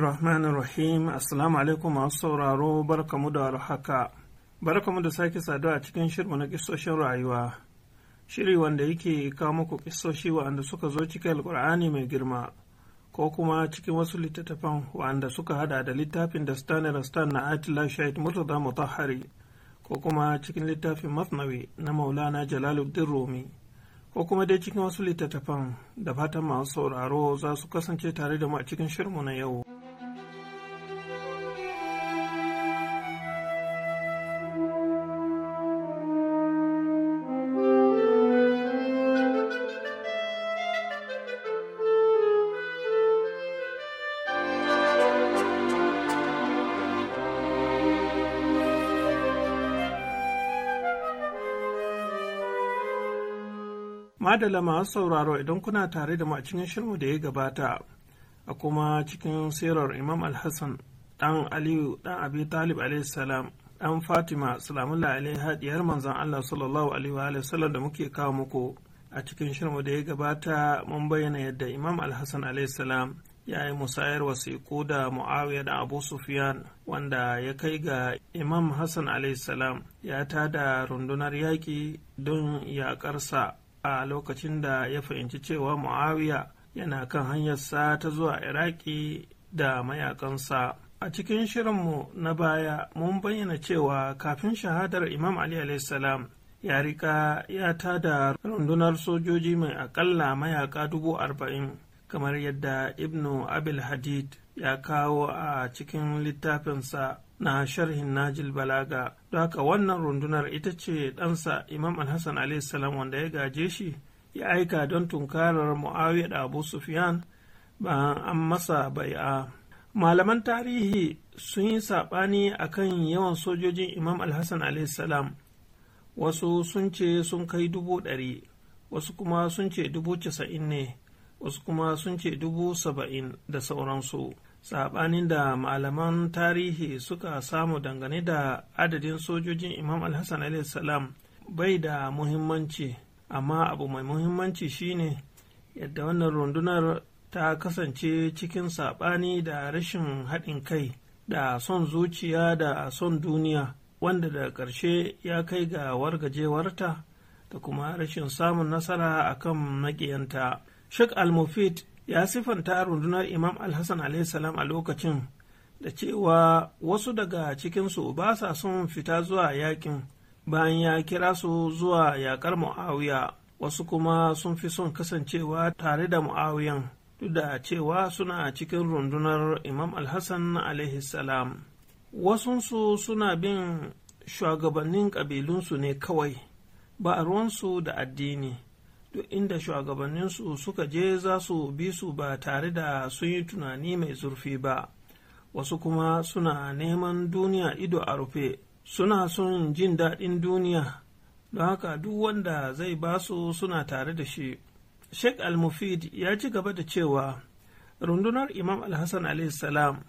rahman rahim, Assalamu alaikum masu sauraro barkamu da warhaka. Barkamu da sake saduwa a cikin shirmu na kisoshin rayuwa. Shiri wanda yake kawo muku kisoshi waɗanda suka zo cikin alkur'ani mai girma ko kuma cikin wasu littattafan waɗanda suka hada da littafin da Stanley Rastan na Atila Shahid Murtada Mutahari ko kuma cikin littafin Masnawi na Maulana Jalaluddin Rumi. ko kuma dai cikin wasu littattafan da fatan masu sauraro za su kasance tare da mu a cikin shirmu na yau. madala masu sauraro idan kuna tare da mu a cikin shirmu da ya gabata a kuma cikin sirar imam alhassan dan aliyu dan abi talib salam dan fatima salamullah alaiha diyar manzon allah sallallahu alaihi wa da muke kawo muku a cikin shirmu da ya gabata mun bayyana yadda imam alhassan salam ya yi musayar wasiƙu da muawiya da abu sufyan wanda ya kai ga imam hassan salam ya tada rundunar yaƙi don yaƙarsa a lokacin da ya fahimci cewa muawiya yana kan hanyarsa ta zuwa iraki da mayakansa a cikin shirinmu na baya mun bayyana cewa kafin shahadar imam ali salam ya rika ya tada rundunar sojoji mai akalla mayaka dubu arba'in kamar yadda ibnu abil hadid ya kawo a cikin littafinsa na sharhin najil balaga don haka wannan rundunar ita ce ɗansa imam alhassan salam wanda ya gaje shi ya aika don tunkarar muawiya da abu sufyan ba an masa bai'a malaman tarihi sun yi saɓani akan yawan sojojin imam alhassan salam wasu sun ce sun kai dubu ɗari wasu kuma sun ce dubu casa'in ne wasu kuma sun ce dubu saba'in da sauransu saɓanin da malaman tarihi suka samu dangane da adadin sojojin imam alhassan salam bai da muhimmanci amma abu mai muhimmanci shine yadda wannan rundunar ta kasance cikin saɓani da rashin haɗin kai da son zuciya da son duniya wanda da ƙarshe ya kai ga wargajewarta da kuma rashin samun nasara a kan maƙiyanta. Sheikh Al-Mufid ya sifanta rundunar imam alhassan salam a lokacin da cewa wasu daga cikinsu ba sa son fita zuwa yakin bayan ya kira su zuwa yakar mu'awiya wasu kuma sun fi son kasancewa tare da mu'awiyan duk da cewa suna cikin rundunar imam alhassan salam wasunsu suna bin shugabannin ƙabilunsu ne kawai ba a ruwansu da addini duk inda shugabanninsu suka je za su bi su ba tare da sun yi tunani mai zurfi ba wasu kuma suna neman duniya ido a rufe suna son jin daɗin duniya don haka duk wanda zai ba su suna tare da shi sheikh al-mufid ya ci gaba da cewa rundunar imam al-hassan salam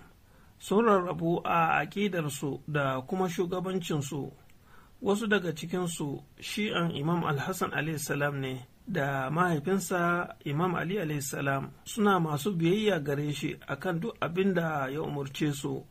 sun rarrabu a aƙidarsu da kuma shugabancinsu wasu daga cikinsu shi'an imam al-hassan salam ne da mahaifinsa imam ali salam suna masu biyayya gare shi akan duk abin da ya umarce su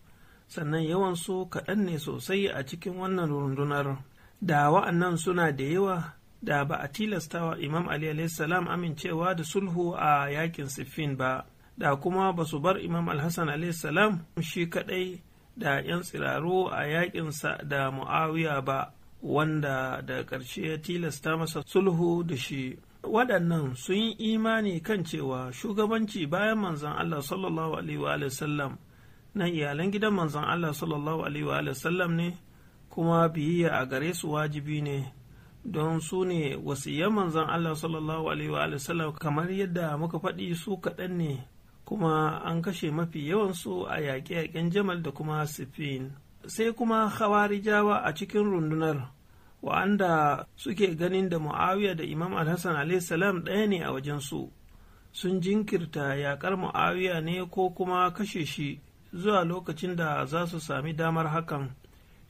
sannan yawansu kaɗan ne sosai a cikin wannan rundunar da wa'annan suna da yawa da ba a tilastawa imam ali salam amincewa da sulhu a yakin siffin ba da kuma ba su bar imam alhassan salam shi kaɗai da 'yan tsiraro a yakinsa da mu'awiya ba wanda da ƙarshe ya tilasta masa sulhu da shi waɗannan sun yi imani kan cewa shugabanci bayan manzon Allah sallallahu alaihi wa sallam na iyalan gidan manzon Allah sallallahu alaihi wa sallam ne kuma biyayya a gare su wajibi ne don su ne wasiyan manzon Allah sallallahu alaihi wa sallam kamar yadda muka faɗi su kaɗan ne kuma an kashe mafi yawansu a yaƙe-yaƙen jamal da kuma sifin. sai kuma hawarijawa a cikin rundunar wa'anda suke ganin da mu'awiya da imam alhassan salam ɗaya ne a wajensu sun jinkirta yaƙar mu'awiya ne ko kuma kashe shi zuwa lokacin da za su sami damar hakan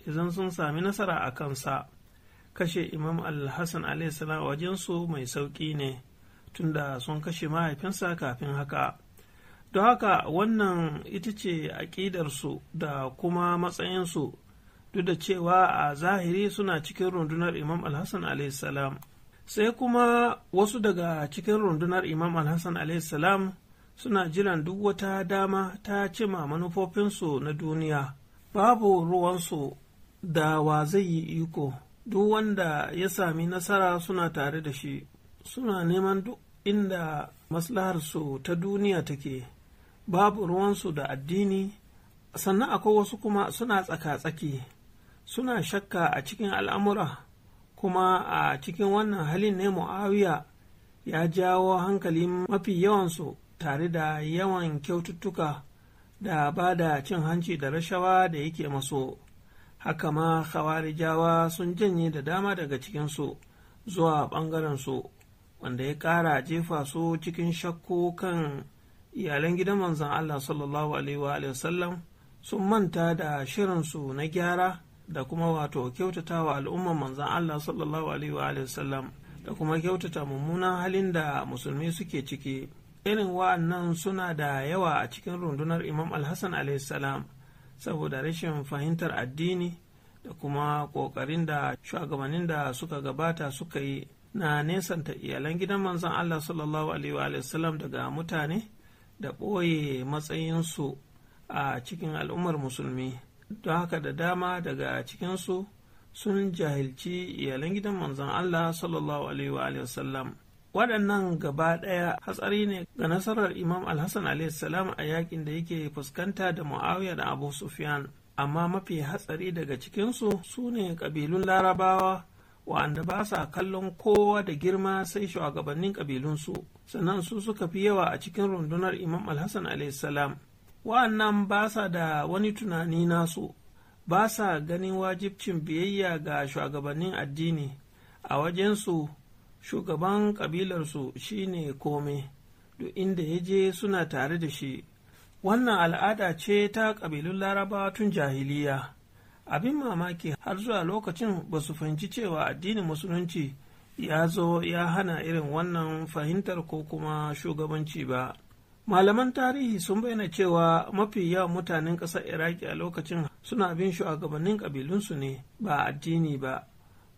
idan sun sami nasara a kansa kashe imam alhassan salam a wajensu mai sauƙi ne tunda sun kashe mahaifinsa kafin haka. don haka wannan ita ce aƙidarsu da kuma matsayinsu duk da cewa a zahiri suna cikin rundunar imam alhassan salam sai kuma wasu daga cikin rundunar imam alhassan salam suna jiran duk wata dama ta cima manufofinsu na duniya babu ruwansu da wa zai yi iko duk wanda ya sami nasara suna tare da shi suna neman duk inda maslaharsu ta duniya take babu ruwansu da addini sannan akwai wasu kuma suna tsaka-tsaki suna shakka a cikin al'amura kuma a cikin wannan halin ne mu'awiya ya jawo hankalin mafi yawansu tare da yawan kyaututtuka da ba da cin hanci da rashawa da yake maso haka ma khawarijawa sun janye da dama daga cikinsu zuwa ɓangarensu wanda ya ƙara jefa su cikin shakku kan iyalan gidan manzan Allah sallallahu alaihi sallam sun manta da shirinsu na gyara da kuma wato kyautata wa al'umman manzan Allah sallallahu alaihi sallam da kuma kyautata mummunan halin da musulmi suke ciki irin wa'annan suna da yawa a cikin rundunar imam alhassan salam saboda rashin fahimtar addini da kuma ƙoƙarin da shugabannin da suka gabata suka yi na nesanta iyalan gidan manzan Allah sallallahu alaihi wa daga mutane da ɓoye matsayinsu a cikin al'ummar musulmi don haka da dama daga cikinsu sun jahilci iyalan gidan manzon Allah sallallahu alaihi wa waɗannan gaba ɗaya hatsari ne ga nasarar imam alhassan salam a yakin da yake fuskanta da muawiya da abu sufyan amma mafi hatsari daga cikinsu su ne ƙabilun larabawa wa'anda ba sa kallon kowa da girma sai shugabannin ƙabilunsu sannan su suka fi yawa a cikin rundunar imam alhassan salam wa'annan ba sa da wani tunani nasu ba sa ganin wajibcin biyayya ga shugabannin addini a wajensu shugaban ƙabilarsu shine kome duk inda ya je suna tare da shi wannan al'ada ce ta ƙabilun larabawa tun jahiliya abin mamaki har zuwa lokacin ba su fahimci cewa addinin musulunci ya zo ya hana irin wannan fahimtar ko kuma shugabanci ba malaman tarihi sun bayyana cewa mafi yawan mutanen ƙasar iraki a lokacin suna bin shugabannin ƙabilunsu ne ba addini ba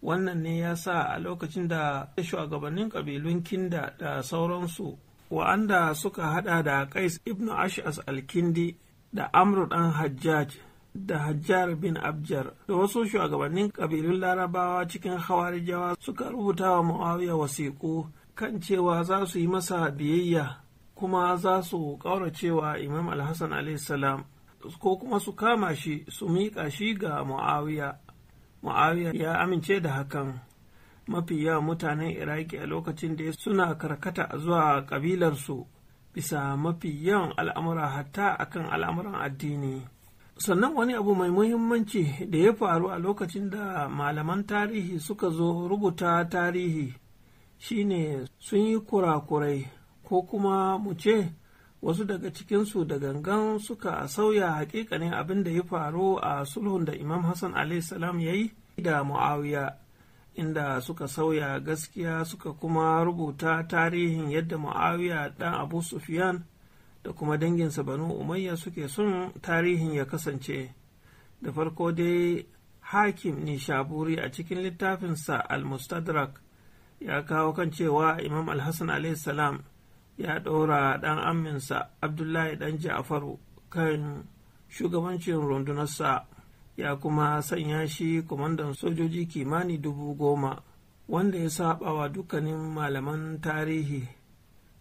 wannan ne ya sa a lokacin da shugabannin ƙabilun kinda da sauransu wa'anda suka hada da kais Ibnu ash'as al-kindi da amru dan hajjaj da Hajjar bin Abjar da wasu shugabannin ƙabilun larabawa cikin hawarijawa suka rubuta wa Muawiya wasiƙu kan cewa za su yi masa biyayya kuma za su ƙauracewa Imam Alhassan salam ko kuma su kama shi su miƙa shi ga Muawiya. Muawiya ya amince da hakan. Mafi yawa mutanen Iraki a lokacin da suna karkata zuwa kabilarsu bisa mafi yawan al'amura hatta akan al'amuran addini. sannan wani abu mai muhimmanci da ya faru a lokacin da malaman tarihi suka zo rubuta tarihi shine sun yi kurakurai ko kuma mu ce wasu daga cikinsu da gangan suka sauya hakikanin abin da ya faru a sulhun da imam hassan salam ya yi da muawiya inda suka sauya gaskiya suka kuma rubuta tarihin yadda muawiya dan abu sufyan da kuma danginsa banu umayya suke son tarihin ya kasance da farko dai hakim nishaburi a cikin littafinsa al-mustadrak ya kawo kan cewa imam al-hassan salam ya ɗora ɗan aminsa abdullahi ɗan ja'faru kan shugabancin rundunarsa ya kuma sanya shi kwamandan sojoji kimani dubu goma wanda ya saba wa dukkanin malaman tarihi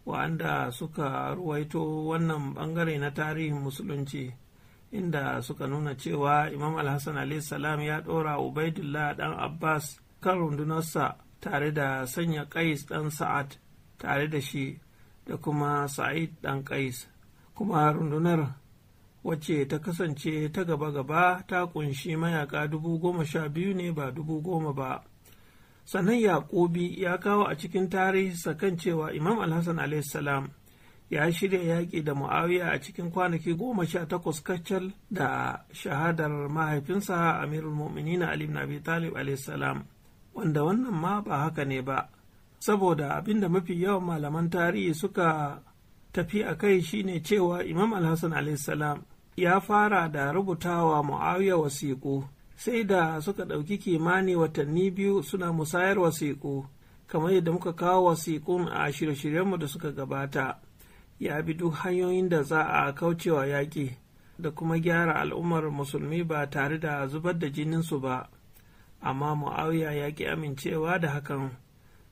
waɗanda suka ruwaito wannan bangare na tarihin musulunci inda suka nuna cewa imam alhassan salam ya ɗora ubaidullah ɗan abbas kan rundunarsa tare da sanya ƙais ɗan sa'ad tare da shi da kuma sa'id ɗan ƙais kuma rundunar wacce ta kasance ta gaba-gaba ta ƙunshi mayaka dubu goma sha biyu ne ba dubu goma ba sannan yaƙobi ya kawo a cikin tarihinsa kan cewa imam alhassan salam ya shirya yaƙi da muawiya a cikin kwanaki goma sha takwas kacal da shahadar mahaifinsa amirul mu'minina ali ibn abi talib salam wanda wannan ma ba haka ne ba saboda abinda mafi yawan malaman tarihi suka tafi a kai shine cewa imam alhassan salam ya fara da rubutawa muawiya wasiƙu sai da suka ɗauki kimani watanni biyu suna musayar wasiƙu kamar yadda muka kawo wasiƙun a shirye-shiryenmu da suka gabata ya bi duk hanyoyin da za a kaucewa yaƙi da kuma gyara al'ummar musulmi ba tare da zubar da jininsu ba amma mu'awiya ya ƙi amincewa da hakan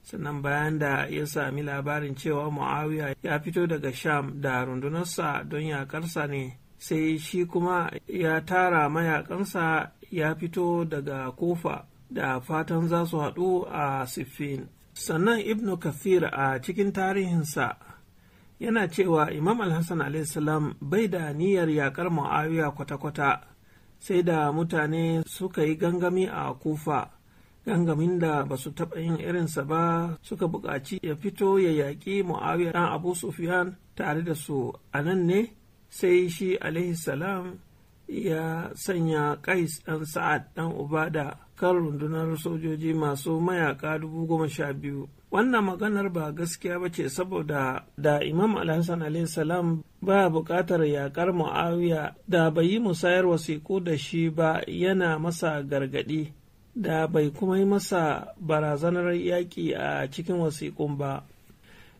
sannan bayan da ya sami labarin cewa mu'awiya ya fito daga sham da rundunarsa don yaƙarsa ne sai shi kuma ya tara mayaƙansa ya fito daga kofa da fatan za su haɗu a siffin sannan Ibn kathir a cikin tarihinsa yana cewa imam alhassan salam bai da niyyar yakar ma'awiya kwata-kwata sai da mutane suka yi gangami a kufa gangamin da ba su taɓa yin irinsa ba suka buƙaci ya fito ya yaƙi mu'awiya ɗan abu sufiyan tare da su a nan ne sai shi alaihi salam ya sanya kais ɗan sa'ad ɗan ubada kan rundunar sojoji masu mayaka dubu goma sha biyu wannan maganar ba gaskiya ba ce saboda da imam alhassan salam ba buƙatar yaƙar mu'awiya da bai yi musayar wasiƙu da shi ba yana masa gargaɗi da bai kuma yi masa barazanar yaƙi a cikin wasiƙun ba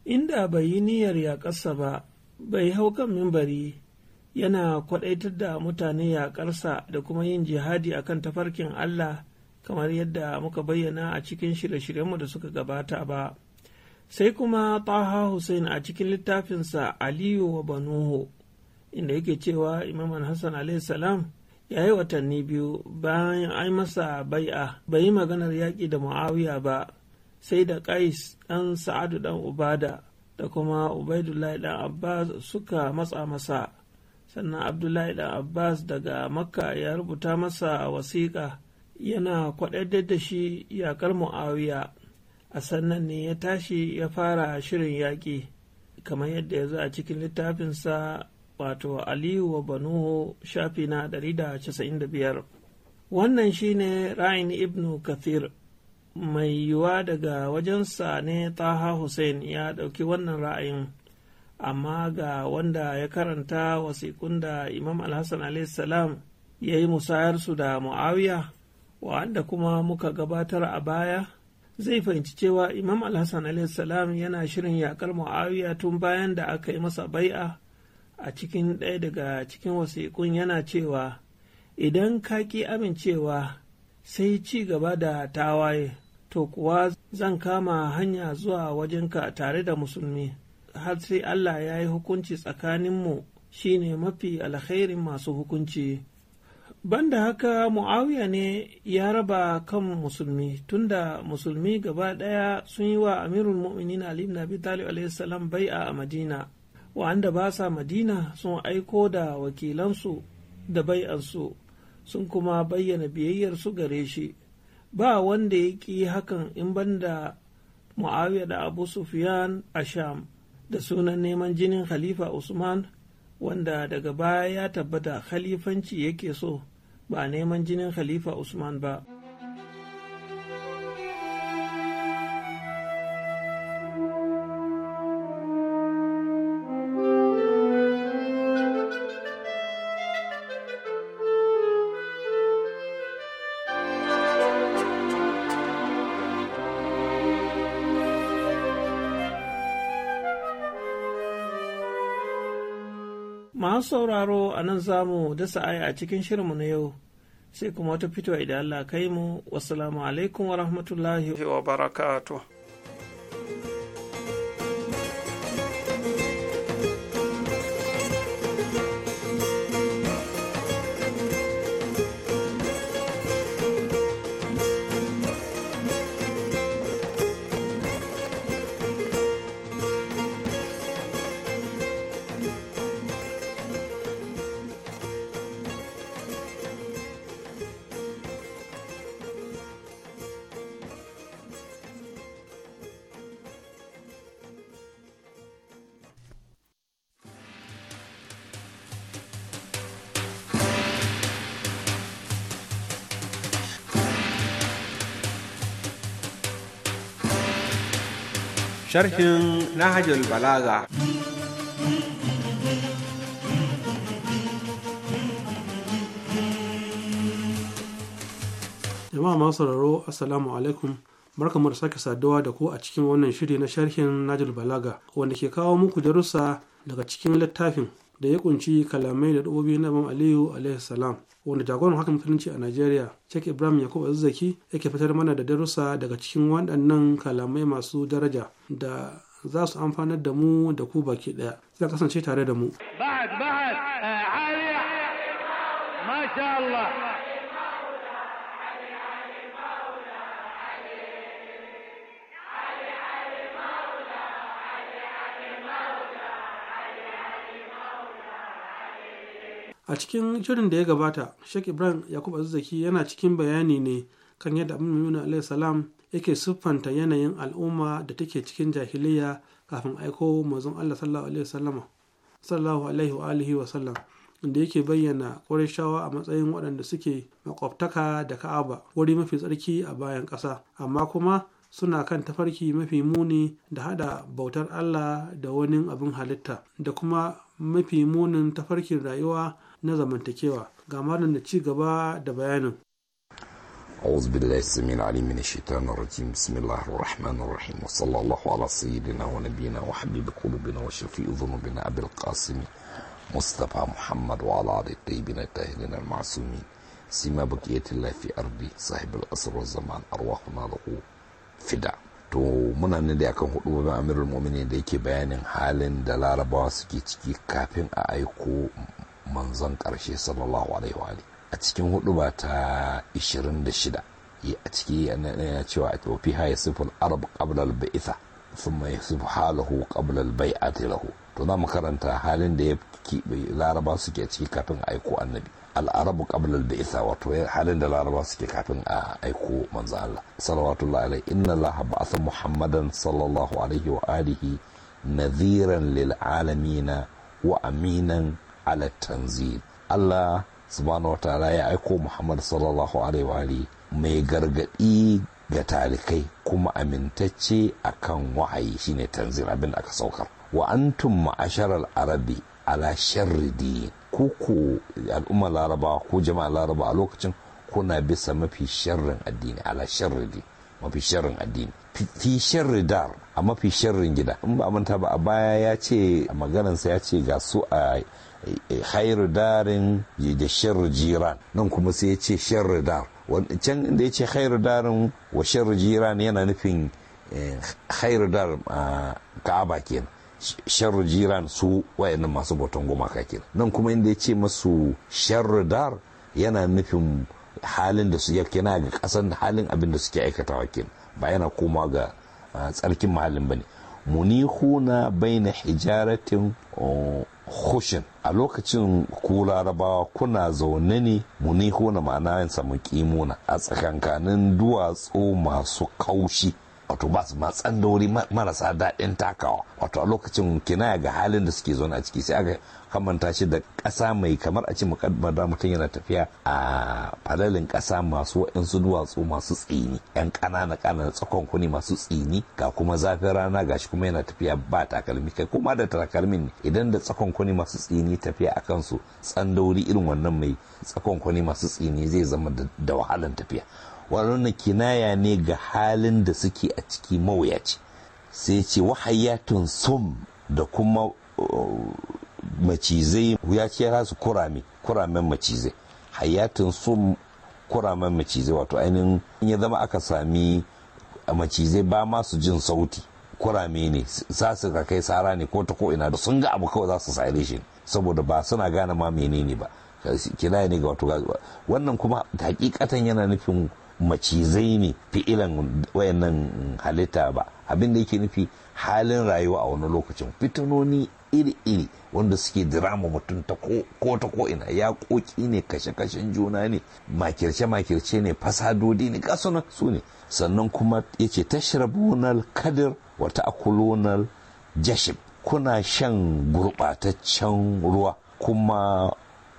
inda bai yi niyyar yaƙarsa ba bai hau kan mimbari yana kwadaitar da mutane yaƙarsa da kuma yin jihadi akan tafarkin Allah kamar yadda muka bayyana a cikin shirye-shiryenmu da suka gabata ba. Sai kuma Taha Hussein a cikin littafinsa Aliyu wa Banuhu, inda yake cewa Imam Hassan salam ya yi watanni biyu bayan ai masa bai'a bai yi maganar yaƙi da Muawiya ba, sai da Qais ɗan Sa'adu ɗan Ubada da kuma Ubaidullahi ɗan Abbas suka matsa masa. sannan abdullahi da abbas daga makka ya rubuta masa a wasiƙa yana kwaɗaɗar da shi yaƙar mu'awiya a sannan ne ya tashi ya fara shirin yaƙi kamar yadda ya zo a cikin littafinsa wato aliyu wa banuhu shafi na biyar. wannan shine ra'ayin ibnu kathir mai yiwuwa daga wajensa ne taha hussein ya ɗauki wannan ra'ayin amma ga wanda ya karanta wasiƙun da imam alhassan salam ya yi musayarsu da mu'awiya wa'anda kuma muka gabatar a baya zai fahimci cewa imam alhassan salam yana shirin yaƙar mu'awiya tun bayan da aka yi masa bai'a a cikin ɗaya daga cikin wasiƙun yana cewa idan ka ƙi amincewa sai ci gaba da tawaye to kuwa zan kama hanya zuwa wajenka tare da musulmi har sai Allah ya yi hukunci tsakaninmu shi ne mafi alkhairin masu hukunci. Banda haka Mu'awiya ne ya raba kan musulmi tunda musulmi gaba ɗaya sun yi wa Amirul Mu'minin Ali ibn Abi Talib salam bai'a a Madina. Wa'anda ba sa Madina sun aiko da wakilansu da bai'ansu sun kuma bayyana biyayyarsu gare shi. Ba wanda ya ƙi hakan in banda Mu'awiya da Abu Sufyan a Sham. da sunan neman jinin Khalifa Usman wanda daga baya ya tabbata khalifanci yake so ba neman jinin Khalifa Usman ba. masu sauraro a nan zamu da sa'ayi a cikin shirinmu na yau sai kuma wata fito idan Allah kai mu wasu alaikum wa rahmatullahi wa barakatuh
sharhin nahajul balaga
jama'a masu sauraro assalamu alaikum barkamu da sake saduwa da ku a cikin wannan shiri na sharhin najal balaga wanda ke kawo muku darussa daga cikin littafin da ya kunshi kalamai da dubobi na ban Aliyu alayhi salam wanda jagoran hakan musulunci a nigeria cek Ibrahim Yakubu Azzaki yake fitar mana da darussa daga cikin waɗannan kalamai masu daraja da za su amfanar da mu da ku baki ɗaya zai kasance tare da mu. Ba'ad a cikin shirin da ya gabata sheikh ibrahim yakub azuzaki yana cikin bayani ne kan yadda abin maimuna alaihi salam yake siffanta yanayin al'umma da take cikin jahiliya kafin aiko mazan allah sallallahu alaihi wa alihi wa sallam da yake bayyana ƙurashawa a matsayin waɗanda suke makwabtaka da ka'aba wuri mafi tsarki a bayan ƙasa amma kuma suna kan tafarki mafi muni da hada bautar allah da wani abin halitta da kuma mafi munin tafarkin rayuwa na zamantakewa ga marar ci gaba da bayanin.
Auzubillah su min Ali min Shetanu Rajim, Bismillah ar-Rahman ar-Rahim, Wasallallahu ala Sayyidina wa Nabiina wa Habibu Kulubina wa Shafi Uzunubina Abil Qasimi, Mustafa Muhammad wa Allah da Taibina ta hirinar masu mi, Sima Bukki ya tilafi arbi, sahib al’asar wa zaman arwahuna da ku fida. To, muna ne da akan hudu ba amirin mummini da yake bayanin halin da larabawa suke ciki kafin a aiko manzon ƙarshe sallallahu alaihi wa a cikin hudu ba ta 26 a ciki yana cewa a fi ha yasiful arab qabla al-ba'itha thumma yasifu haluhu qabla al-bai'ati lahu to za mu karanta halin da ya laraba suke ciki kafin aiko annabi al'arabu qablal bi'sa wato halin da laraba suke kafin a aiko manzon Allah salawatullahi alaihi inna allaha ba'atha muhammadan sallallahu alaihi wa alihi nadhiran lil alamin wa aminan ala tanzil Allah subhanahu wataala ya aiko Muhammad sallallahu alaihi mai gargadi ga talikai kuma amintacce akan wahayi shine tanzil abin aka saukar wa antum ma'asharal arabi ala sharri ku ku al'umma laraba ko jama'a laraba a lokacin kuna bisa mafi sharrin addini ala sharri mafi sharrin addini fi sharri dar a mafi sharrin gida in ba manta ba a baya ya ce maganarsa ya ce ga su a hairu darin da sharri jiran nan kuma sai ya ce sharri dar can inda ya ce hairu darin wa sharri jiran yana nufin eh, hairu dar ka'aba kenan sharri jiran su wayannan masu bautan gumaka kenan nan kuma inda ya ce masu sharri dar yana nufin halin da su yake na ga kasan halin abin da suke aikatawa kenan ba yana koma ga ah, tsarkin mahallin ba ne munihuna baina hijaratin oh, hushin a lokacin ku larabawa kuna zaune ne munihuna ma'ana yin samu kimuna a tsakankanin duwatsu masu kaushi wato ba su matsan da wuri marasa daɗin takawa wato a lokacin kinaya ga halin da suke zaune a ciki sai aka kamanta shi da ƙasa mai kamar a ce mutum yana tafiya a falalin ƙasa masu waɗansu duwatsu masu tsini yan ƙanana ƙanana tsakon kuni masu tsini ga kuma zafin rana gashi kuma yana tafiya ba takalmi kai kuma da takalmin idan da tsakon kuni masu tsini tafiya a kansu tsandauri irin wannan mai tsakon kuni masu tsini zai zama da wahalan tafiya wannan kinaya ne ga halin da suke a ciki mawuyaci sai ce wahayatun sum da kuma uh, macizai ya ce ya su kurame kuramen macizai hayatin su kuramen macizai wato ainihin ya zama aka sami macizai ba masu jin sauti kurame ne za su ka kai sara ne ko ta ko ina da sun ga abu kawai za su sare shi saboda ba suna gane ma menene ba kila ne ga wato wannan kuma hakikatan yana nufin macizai ne fi'ilan wayannan halitta ba abinda da yake nufi halin rayuwa a wani lokacin fitinoni iri-iri wanda suke dirama mutum ta ko ta ko ina ya koki ne kashe-kashen juna ne makirce-makirce ne fasadodi ne gasunan su ne sannan kuma ya yace tashrabunal kadir wata ta'kulunal jashib kuna shan gurbataccen ruwa kuma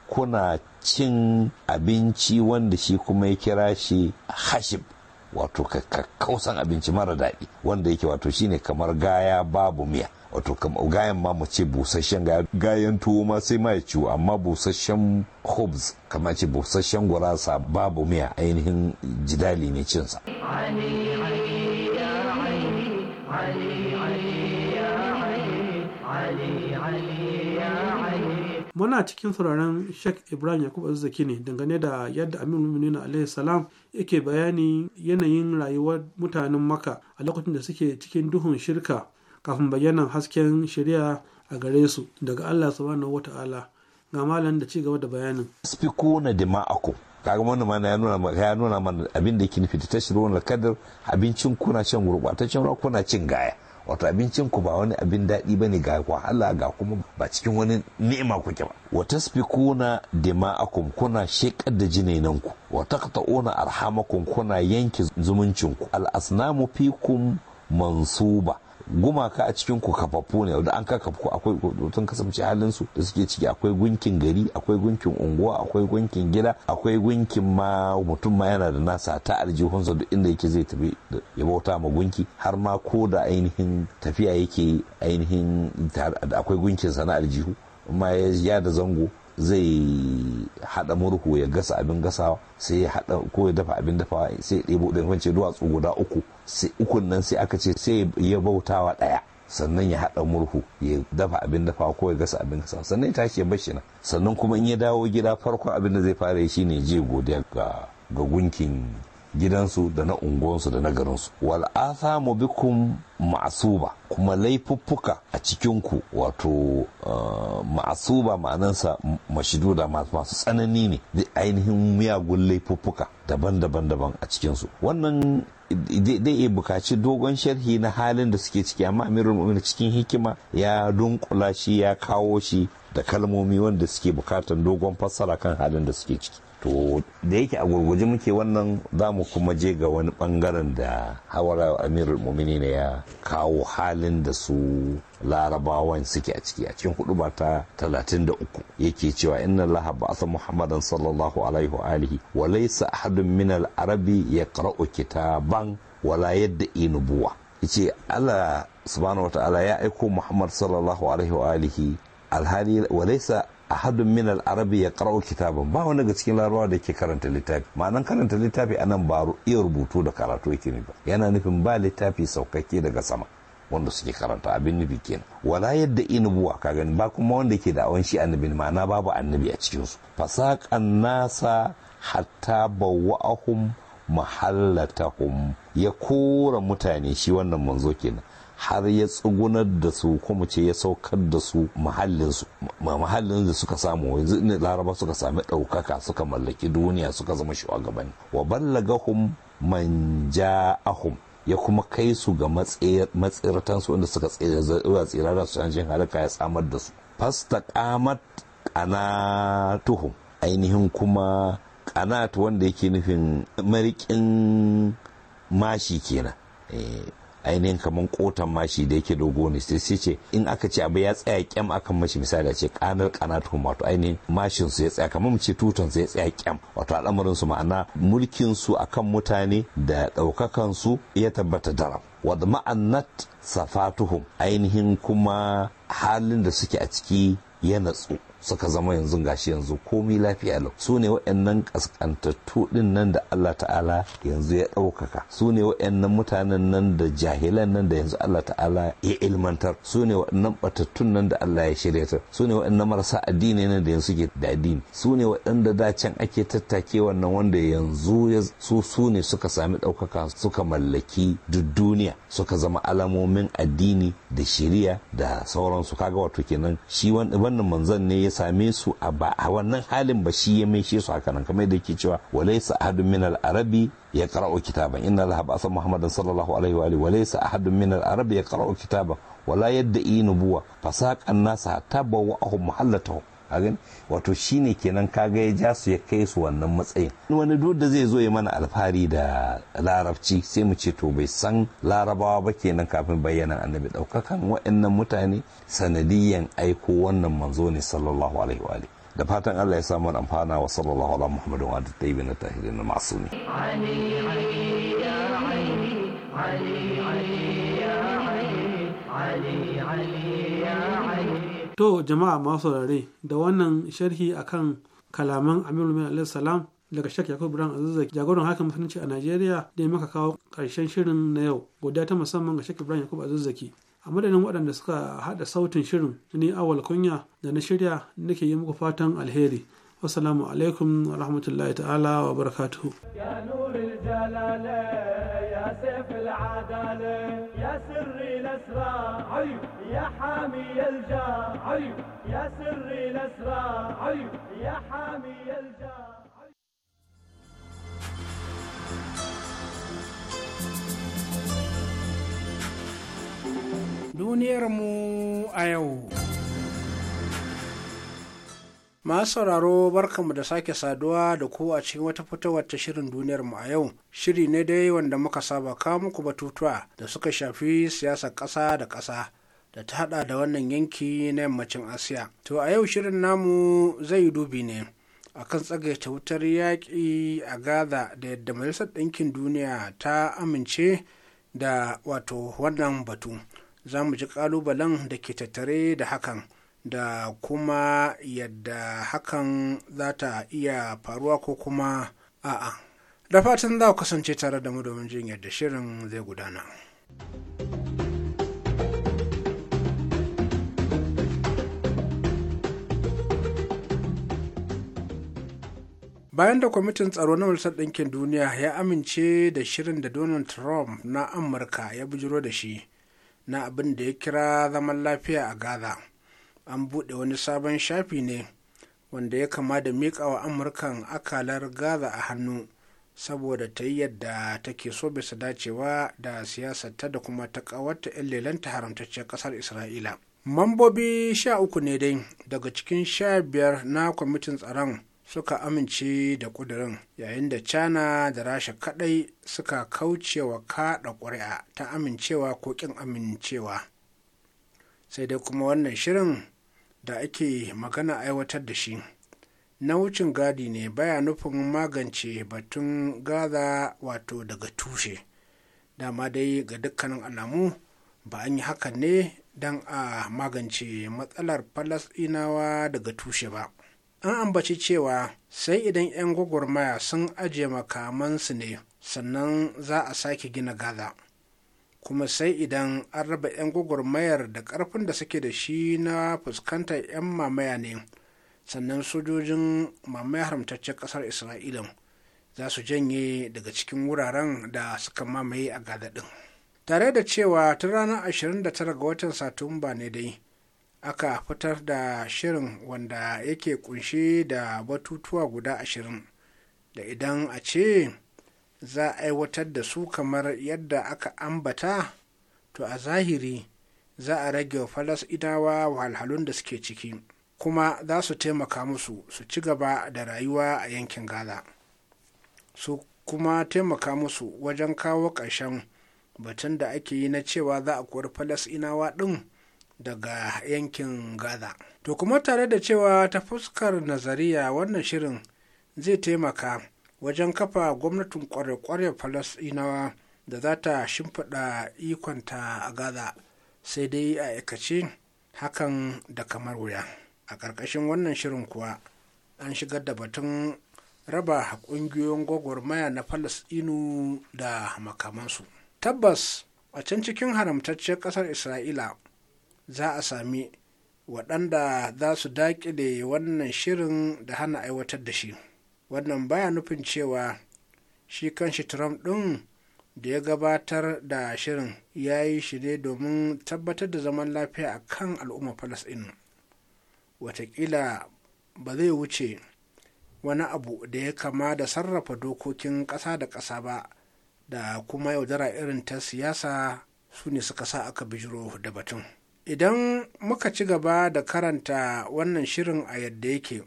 kuna cin abinci wanda shi kuma ya kira shi hashib wato kakkausan abinci mara daɗi wanda yake wato shine kamar gaya babu miya wato gayan ma mu ce busasshen gayan tuwo ma sai ma ya ciwo amma busasshen hobs kamar ce busasshen gurasa babu miya ainihin jidali ne cinsa
muna cikin sauraron sheikh ibrahim yakubu azzaki ne dangane da yadda aminu muminin alayhi salam yake bayani yanayin rayuwar mutanen maka a lokacin da suke cikin duhun shirka kafin bayyanan hasken shari'a a gare su daga Allah subhanahu wata'ala ga malam da cigaba da bayanin
da ma'ako kaga wannan ma ya nuna ya nuna mana abin da yake nufi ta tashirun kadar abincin kuna shan gurbataccen ruwa kuna cin gaya wato abincin ku ba wani abin daɗi ne ga wahala ga kuma ba cikin wani ni'ima kuke ba wa tasfikuna dima'akum kuna shekar da jinainan ku wa taqta'una arhamakum kuna yanke zumuncin ku al asnamu fikum mansuba gumaka a cikin ku kafafu ne da an ku akwai sun kasance halin su da suke ciki akwai gunkin gari akwai gunkin unguwa akwai gunkin gida akwai gunkin ma mutum ma yana da nasa ta aljihunsa duk inda yake zai tafi ya bauta ma gunki har ma ko da ainihin tafiya yake ainihin akwai gunkin sa na aljihu amma ya da zango zai haɗa murhu ya gasa abin gasawa sai ya haɗa ko ya dafa abin dafawa sai ya ɗebo wancan wance duwatsu guda uku sai ukun nan sai aka ce sai ya bautawa ɗaya sannan ya haɗa murhu ya dafa abin dafawa ko ya gasa abin gasawa sannan ya tashi ya bashi na sannan kuma in ya dawo gida farkon abin da zai fara shi ne je godiya ga gunkin gidansu da na unguwansu da na garinsu wal athamu bikum ma'asuba kuma laifuffuka a cikinku wato eh, ma'asuba ma'anansa mashiduda masu tsanani ne da ainihin miyagun laifuffuka daban-daban daban a cikinsu wannan dai iya bukaci dogon sharhi na halin da suke ciki amma amirul cikin hikima ya dunkula shi ya kawo shi da kalmomi wanda suke bukatan dogon fassara kan halin da suke ciki to da yake a gurguje muke wannan za mu kuma je ga wani bangaren da hawara amirul mumini ne ya kawo halin da su larabawan suke a ciki a cikin hudu ba ta 33 yake cewa inna allah asa muhammadan sallallahu alaihi wa alihi wa laysa ahadun min al-arabi yaqra'u kitaban wala yadda inubuwa yace allah subhanahu wa ta'ala ya aiko muhammad sallallahu alaihi wa alihi alhali wa laysa ahad min al-arabi ya qara'u kitaban ba wani daga cikin larabawa da yake karanta littafi ma'anan karanta littafi anan ba iya rubutu da karatu yake ne ba yana nufin ba littafi saukakke daga sama wanda suke karanta abin nufi kenan wala yadda inubuwa ka gani ba kuma wanda ke da awan shi annabi ma'ana babu annabi a cikin su fasaqan nasa hatta bawahum mahallatahum ya kora mutane shi wannan manzo kenan har ya tsugunar da su kuma ce ya saukar da su mahallinsu ma mahallin da suka samu yanzu ne laraba suka sami ɗaukaka suka mallaki duniya suka zama shugabanni wa ballagahum man ja'ahum ya kuma kai su ga matsiratansu inda suka tsira da su canjin halaka ya samar da su kamat qanatuhum ainihin kuma qanat wanda yake nufin marikin mashi kenan eh, ainihin kamar kotan mashi da yake dogo ne sai sai ce in aka ce abu ya tsaya kyam akan mashi misali a ce kanar kanatu wato ainihin mashin su ya tsaya kamar mu ce tutan su ya tsaya kyam wato al'amarin su ma'ana mulkin su akan mutane da daukakan su ya tabbata daram wadda ma'annat safatuhum ainihin kuma halin da suke a ciki ya natsu suka zama yanzu gashi yanzu komi lafiya lau su ne wa'annan kaskantattu din nan da Allah ta'ala yanzu ya ɗaukaka su ne wa'annan mutanen nan da jahilan nan da yanzu Allah ta'ala ya ilmantar su ne wa'annan batattun nan da Allah ya shirya ta su ne wa'annan marasa addini nan da yanzu ke da addini su ne waɗanda da can ake tattake wannan wanda yanzu su su ne suka sami ɗaukaka suka mallaki duk duniya suka zama alamomin addini da shiriya da sauransu kaga wato kenan shi wannan manzon ne ya same su a ba a wannan halin ba shi ya maishe su haka nan kamar da yake cewa walaysa ahadun min al-arabi ya qara'u kitaba inna allaha ba'atha muhammadan sallallahu alaihi wa alihi walaysa ahadun min al-arabi ya qara'u kitaban wala yadda nubuwa fasaqan nasa ta bawa ahum mahallatuhum a gani wato shine kenan kaga ya ja su ya kai su wannan matsayin wani duk da zai zo ya mana alfahari da larabci sai mu ce to bai san larabawa ba kenan kafin bayyana annabi daukakan wa'annan mutane sanadiyan aiko wannan manzo ne sallallahu alaihi wa da fatan Allah ya samu amfana wa sallallahu alaihi muhammadu wa da tayyibin tahirin masumi
ali ali ya ali
ali ya ali ali
to jama'a masu saurare da wannan sharhi akan kalaman Aminu mai salam daga shek yakubu ibrahim jagoran hakan musulunci a najeriya da ya maka kawo karshen shirin na yau godiya ta musamman ga shek ibrahim azizaki a madadin waɗanda suka haɗa sautin shirin ni awal kunya da na shirya nake yi muku fatan alheri والسلام عليكم ورحمة الله تعالى وبركاته
يا نور الجلالة
يا سيف العدالة يا سري الأسرى يا حامي الجاع يا سري الأسرى يا حامي الجاع
duniyarmu a yau. Masu sauraro barkanmu da sake saduwa da ku a cikin wata fitowar ta shirin duniyar mu a yau. Shiri ne dai wanda muka saba kawo muku batutuwa da suka shafi siyasar ƙasa da ƙasa da ta haɗa da wannan yanki na yammacin Asiya. To a yau shirin namu zai dubi ne a akan tsagaita wutar yaƙi a Gaza da yadda Majalisar Ɗinkin Duniya ta amince da wato wannan batu. Za mu ji ƙalubalen da ke tattare da hakan. da kuma yadda hakan za ta iya faruwa ko kuma a'a da fatan za ku kasance tare da mu domin jin yadda shirin zai gudana. bayan da kwamitin tsaro na majalisar ɗinkin duniya ya amince da shirin da donald trump na amurka ya bujiro da shi na abin da ya kira zaman lafiya a gaza an buɗe wani sabon shafi ne wanda ya kama da miƙawa amurkan akalar gaza a hannu saboda ta yi yadda take so bisa dacewa da siyasarta da kuma ta ƙawarta 'yan lelanta haramtacciyar ƙasar isra'ila mambobi sha uku ne dai daga cikin sha biyar na kwamitin tsaron suka amince da ƙudurin yayin da china da rasha kaɗai suka kaucewa kaɗa ƙuri'a ta amincewa ko ƙin amincewa sai dai kuma wannan shirin da ake magana aiwatar da shi na wucin gadi ne baya nufin magance batun gaza wato daga tushe dama dai ga dukkanin alamu ba an yi hakan ne don a magance matsalar falasɗinawa daga tushe ba an ambaci cewa sai idan 'yan gwagwarmaya sun ajiye makamansu ne sannan za a sake gina gaza kuma sai idan an raba 'yan gwagwarmayar da ƙarfin da suke da shi na fuskantar 'yan mamaya ne sannan sojojin mamaya haramtaccen ƙasar isra'ilan za su janye daga cikin wuraren da suka mamaye a gadadin tare da cewa tun ranar 29 ga watan satumba ne dai aka fitar da shirin wanda yake kunshe da batutuwa guda ashirin da idan a ce za a aiwatar da su kamar yadda aka ambata to a zahiri za a rage wa idawa wahalhalun da suke ciki kuma za su taimaka musu su ci gaba da rayuwa a yankin gaza su kuma taimaka musu wajen kawo ƙarshen batun da ake yi na cewa za a kori inawa ɗin daga yankin gaza to kuma tare da cewa ta fuskar nazariya wannan shirin zai taimaka wajen kafa gwamnatin kware-kware falasɗinawa da za ta shimfiɗa ikonta a gaza sai dai a aikace hakan da kamar wuya a ƙarƙashin wannan shirin kuwa an shigar da batun raba ƙungiyoyin gwagwarmaya na falasɗinu da makamansu tabbas a can cikin haramtacciyar ƙasar isra'ila za a sami waɗanda za su daƙile wannan shirin da hana aiwatar da shi wannan baya nufin cewa shi kanshi trump ɗin da ya gabatar da shirin ya yi shi ne domin tabbatar da zaman lafiya a kan al'ummar falasɗin watakila ba zai wuce wani abu da ya kama da sarrafa dokokin ƙasa da ƙasa ba da kuma yaudara irin ta siyasa su ne suka sa aka bijiro da batun idan muka ci gaba da karanta wannan shirin a yadda yake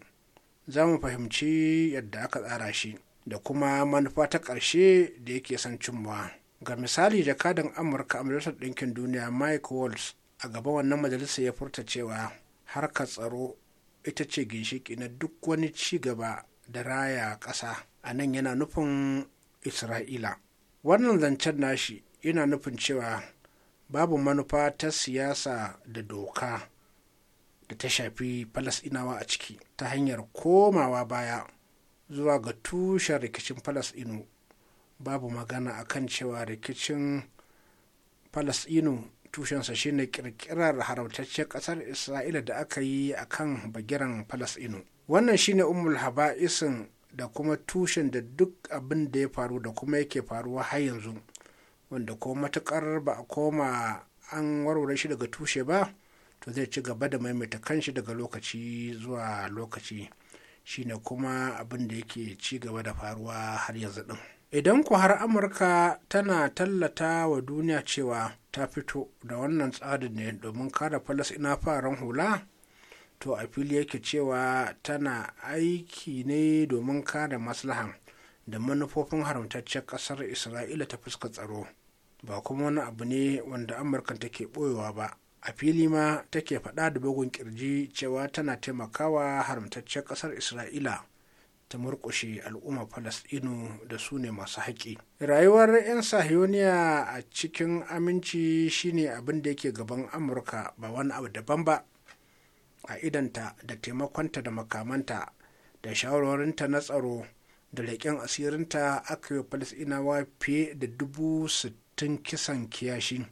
za mu fahimci yadda aka tsara shi da kuma manufa ta ƙarshe da yake son cimmawa ga misali jakadan amurka a majalisar ɗinkin duniya mike waltz a gaba wannan majalisa ya furta cewa harkar tsaro ita ce ginshiki na duk wani ci gaba da raya ƙasa a nan yana nufin isra'ila wannan zancen nashi yana nufin cewa babu manufa ta siyasa da doka da ta shafi falasɗinawa a ciki ta hanyar komawa baya zuwa ga tushen rikicin falasɗinu babu magana a kan cewa rikicin falasɗinu tushensa shine kirkirar haramtaccen ƙasar isra'ila da aka yi a kan bagiran falasɗinu wannan shine umul haba'isin da kuma tushen da duk abin da ya faru da kuma yake faruwa har yanzu wanda ko matuƙar ba a koma an warware shi daga tushe ba to zai ci gaba da maimaita kanshi daga lokaci zuwa lokaci shine kuma abin da yake ci gaba da faruwa har yanzu din idan ku har amurka tana tallata wa duniya cewa ta fito da wannan tsarin ne domin kare falasina faran hula to a fili yake cewa tana aiki ne domin kare maslahan da manufofin haramtaccen kasar isra'ila ta fuska tsaro ba kuma wani abu ne wanda amurka take boyewa ba a fili ma take faɗa da bugun kirji cewa tana taimakawa haramtaccen ƙasar isra'ila ta murƙushe al'umma falasɗinu da su ne masu haƙƙi rayuwar 'yan sahiyoniya a cikin aminci shine abin da yake gaban amurka ba wani abu daban ba a idanta da taimakonta da makamanta da shawarwarinta na tsaro da leƙen asirinta aka yi falastinawa fiye da dubu sittin kisan kiyashi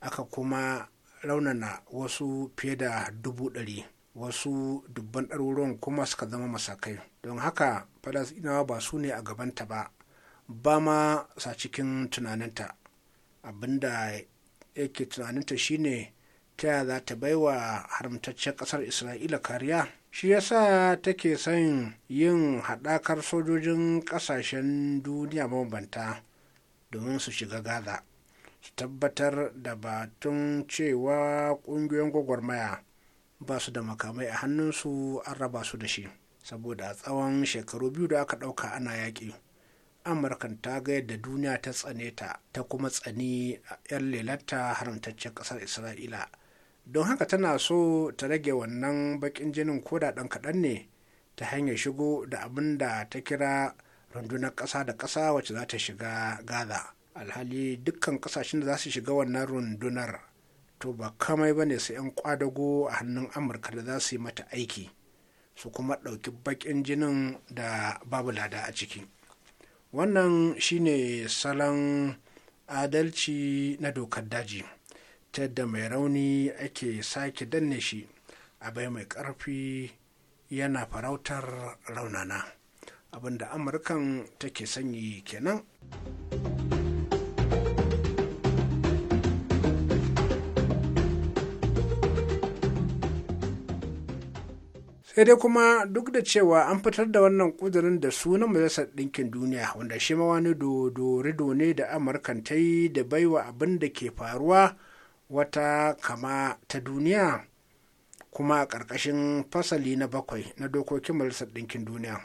aka kuma raunana wasu fiye da dubu ɗari wasu dubban ɗaruruwan kuma suka zama masakai don haka falasɗinawa ba su ne a gabanta ba ba ma sa cikin tunaninta abinda yake tunaninta shine ta yaya za ta baiwa haramtaccen ƙasar isra'ila kariya shi ya sa take son yin haɗakar sojojin ƙasashen duniya mabambanta domin su shiga gaza su tabbatar da batun cewa ƙungiyoyin gwagwarmaya ba su da makamai a hannunsu an raba su da shi saboda a tsawon shekaru biyu da aka ɗauka ana yaƙi amurkan ta ga yadda duniya ta tsane ta ta kuma tsani a 'yan lelata haramtaccen ƙasar isra'ila don haka tana so ta rage wannan baƙin jinin koda ɗan kaɗan ne ta hanyar shigo da abin da ta kira rundunar ƙasa da ƙasa wacce za ta shiga gaza alhali dukkan kasashen da za su shiga wannan rundunar to ba kamai ba ne su 'yan kwadago a hannun amurka da za su yi mata aiki su kuma ɗauki baƙin jinin da babu lada a ciki wannan shine salon adalci na dokar daji ta yadda mai rauni ake sake danne shi a bai mai ƙarfi yana farautar raunana abinda amurkan take sanyi kenan. sai dai kuma duk da cewa an fitar da wannan kudurin da sunan majalisar ɗinkin duniya wanda shi ma wani dodorido ne da amurkan ta yi da baiwa abin da ke faruwa wata kama ta duniya kuma a ƙarƙashin fasali na bakwai na dokokin majalisar ɗinkin duniya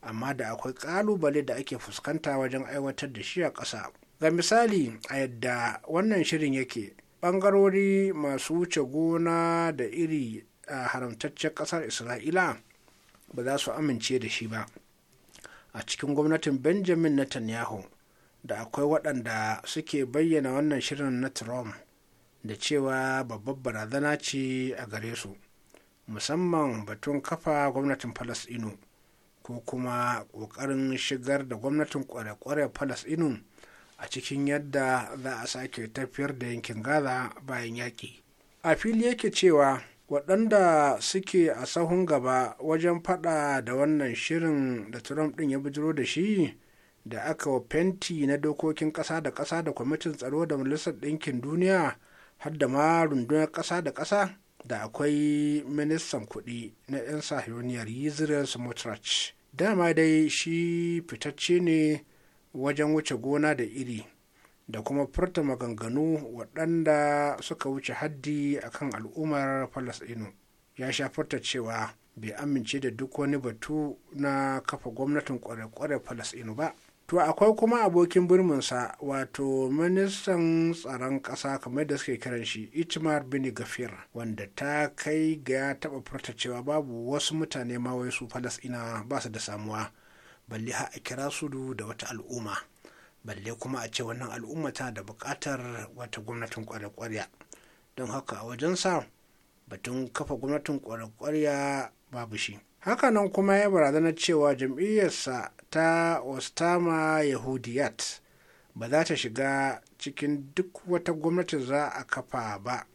amma da akwai ƙalubale da ake fuskanta wajen aiwatar da shi a ƙasa ga misali a yadda wannan shirin yake ɓangarori masu wuce gona da iri a haramtaccen kasar isra'ila ba za su amince da shi ba a cikin gwamnatin benjamin netanyahu da akwai waɗanda suke bayyana wannan shirin na trump da cewa babbar barazana ce a gare su musamman batun kafa gwamnatin falasɗinu ko kuma ƙoƙarin shigar da gwamnatin kware-kware falasɗinu a cikin yadda za a sake tafiyar da yankin gaza bayan yaƙi a fili yake cewa waɗanda suke a sahun gaba wajen faɗa da wannan shirin da trump ɗin ya bijiro da shi da aka wa fenti na dokokin ƙasa da ƙasa da kwamitin tsaro da majalisar ɗinkin duniya har da ma rundunar ƙasa da ƙasa da akwai ministan kuɗi na 'yan sahiyoniyar Israel smotrach dama dai shi fitacce ne wajen wuce gona da iri da kuma furta maganganu waɗanda suka wuce haddi akan al'ummar falasɗinu ya sha furta cewa bai amince da duk wani batu na kafa gwamnatin kware-kware falasɗinu ba to akwai kuma abokin birminsa wato ministan tsaron ƙasa kamar da suke kiran shi itmar bin gafir wanda ta kai ga ya taɓa furta cewa babu wasu mutane ma wai su falasɗina ba su da samuwa balle ha a kira su da wata al'umma balle kuma a ce wannan al'umma tana da buƙatar wata gwamnatin kwarya don haka a wajen sa batun kafa gwamnatin kwarya babu shi nan kuma ya barazana cewa jam'iyyarsa ta ostama yahudiyat ba za ta shiga cikin duk wata gwamnati za a kafa ba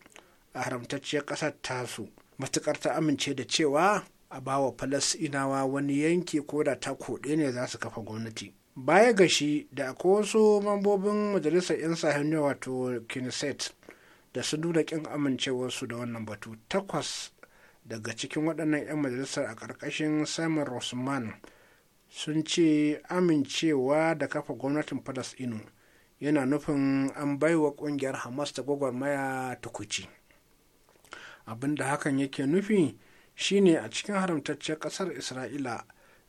a haramtacciyar ƙasar tasu matuƙar ta amince da cewa a bawa falasinawa wani yanki ko da ta koɗe ne za su kafa gwamnati baya ga shi da akwai wasu mambobin majalisar 'yan sahiniya wato (kiniset) da su nuna kin amincewarsu da wannan batu takwas daga cikin waɗannan 'yan majalisar a ƙarƙashin simon rossman sun ce amincewa da kafa gwamnatin inu yana nufin an baiwa ƙungiyar hamas ta gwagwarmaya tukuci abinda hakan yake nufi shine a cikin haramtaccen ƙasar isra'ila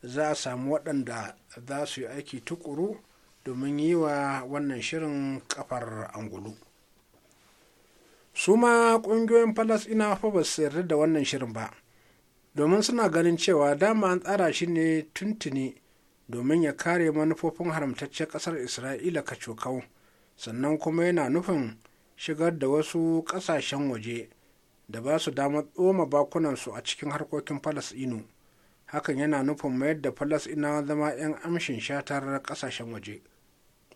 za a samu waɗanda za su yi aiki tukuru domin yi wa wannan shirin kafar angulu su ma ƙungiyoyin ina fa ba su yarda da wannan shirin ba domin suna ganin cewa dama an tsara shi ne tuntuni domin ya kare manufofin haramtaccen ƙasar isra'ila ka kacokau sannan kuma yana nufin shigar da wasu ƙasashen waje da ba su damar tsoma bakunansu a cikin harkokin falasɗinu hakan yana nufin mayar da falasɗinawa zama 'yan amshin shatar ƙasashen waje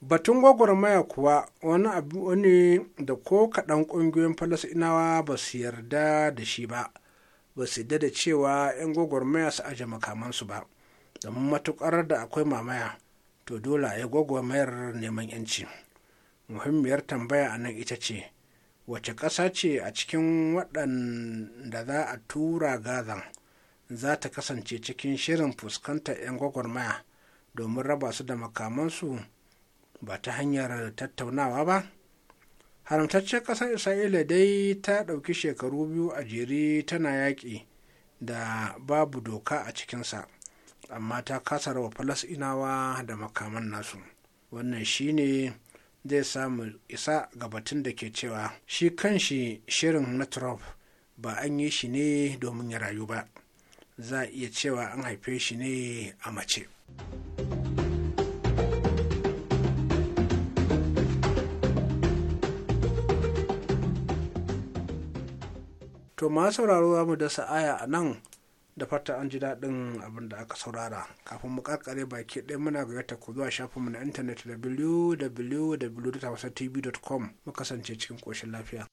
batun gwagwarmaya kuwa wani abu ne da ko kaɗan ƙungiyoyin falasɗinawa ba su yarda da shi ba ba su yarda da cewa 'yan gwagwarmaya su aje makamansu ba domin matuƙar da akwai mamaya to dole ya gwagwarmayar neman 'yanci muhimmiyar tambaya a nan ita ce wace ƙasa ce a cikin waɗanda za a tura gazan za ta kasance cikin shirin fuskantar 'yan gwagwarmaya domin raba su da makamansu ba ta hanyar tattaunawa ba haramtaccen ƙasar isra'ila dai ta ɗauki shekaru biyu a jere tana yaƙi da babu doka a cikinsa amma ta kasa rawa falasinawa da makaman nasu wannan shine zai samu isa ga batun da ke cewa shi kanshi shirin na trump ba an yi shi ne domin ya rayu ba za a iya cewa an haife shi ne a mace. to ma sauraro za mu dasa aya a nan da fata an ji daɗin abin da aka saurara kafin mu karkare baki ɗaya muna yata ku zuwa mu na intanet www.tv.com mu kasance cikin ƙoshin lafiya.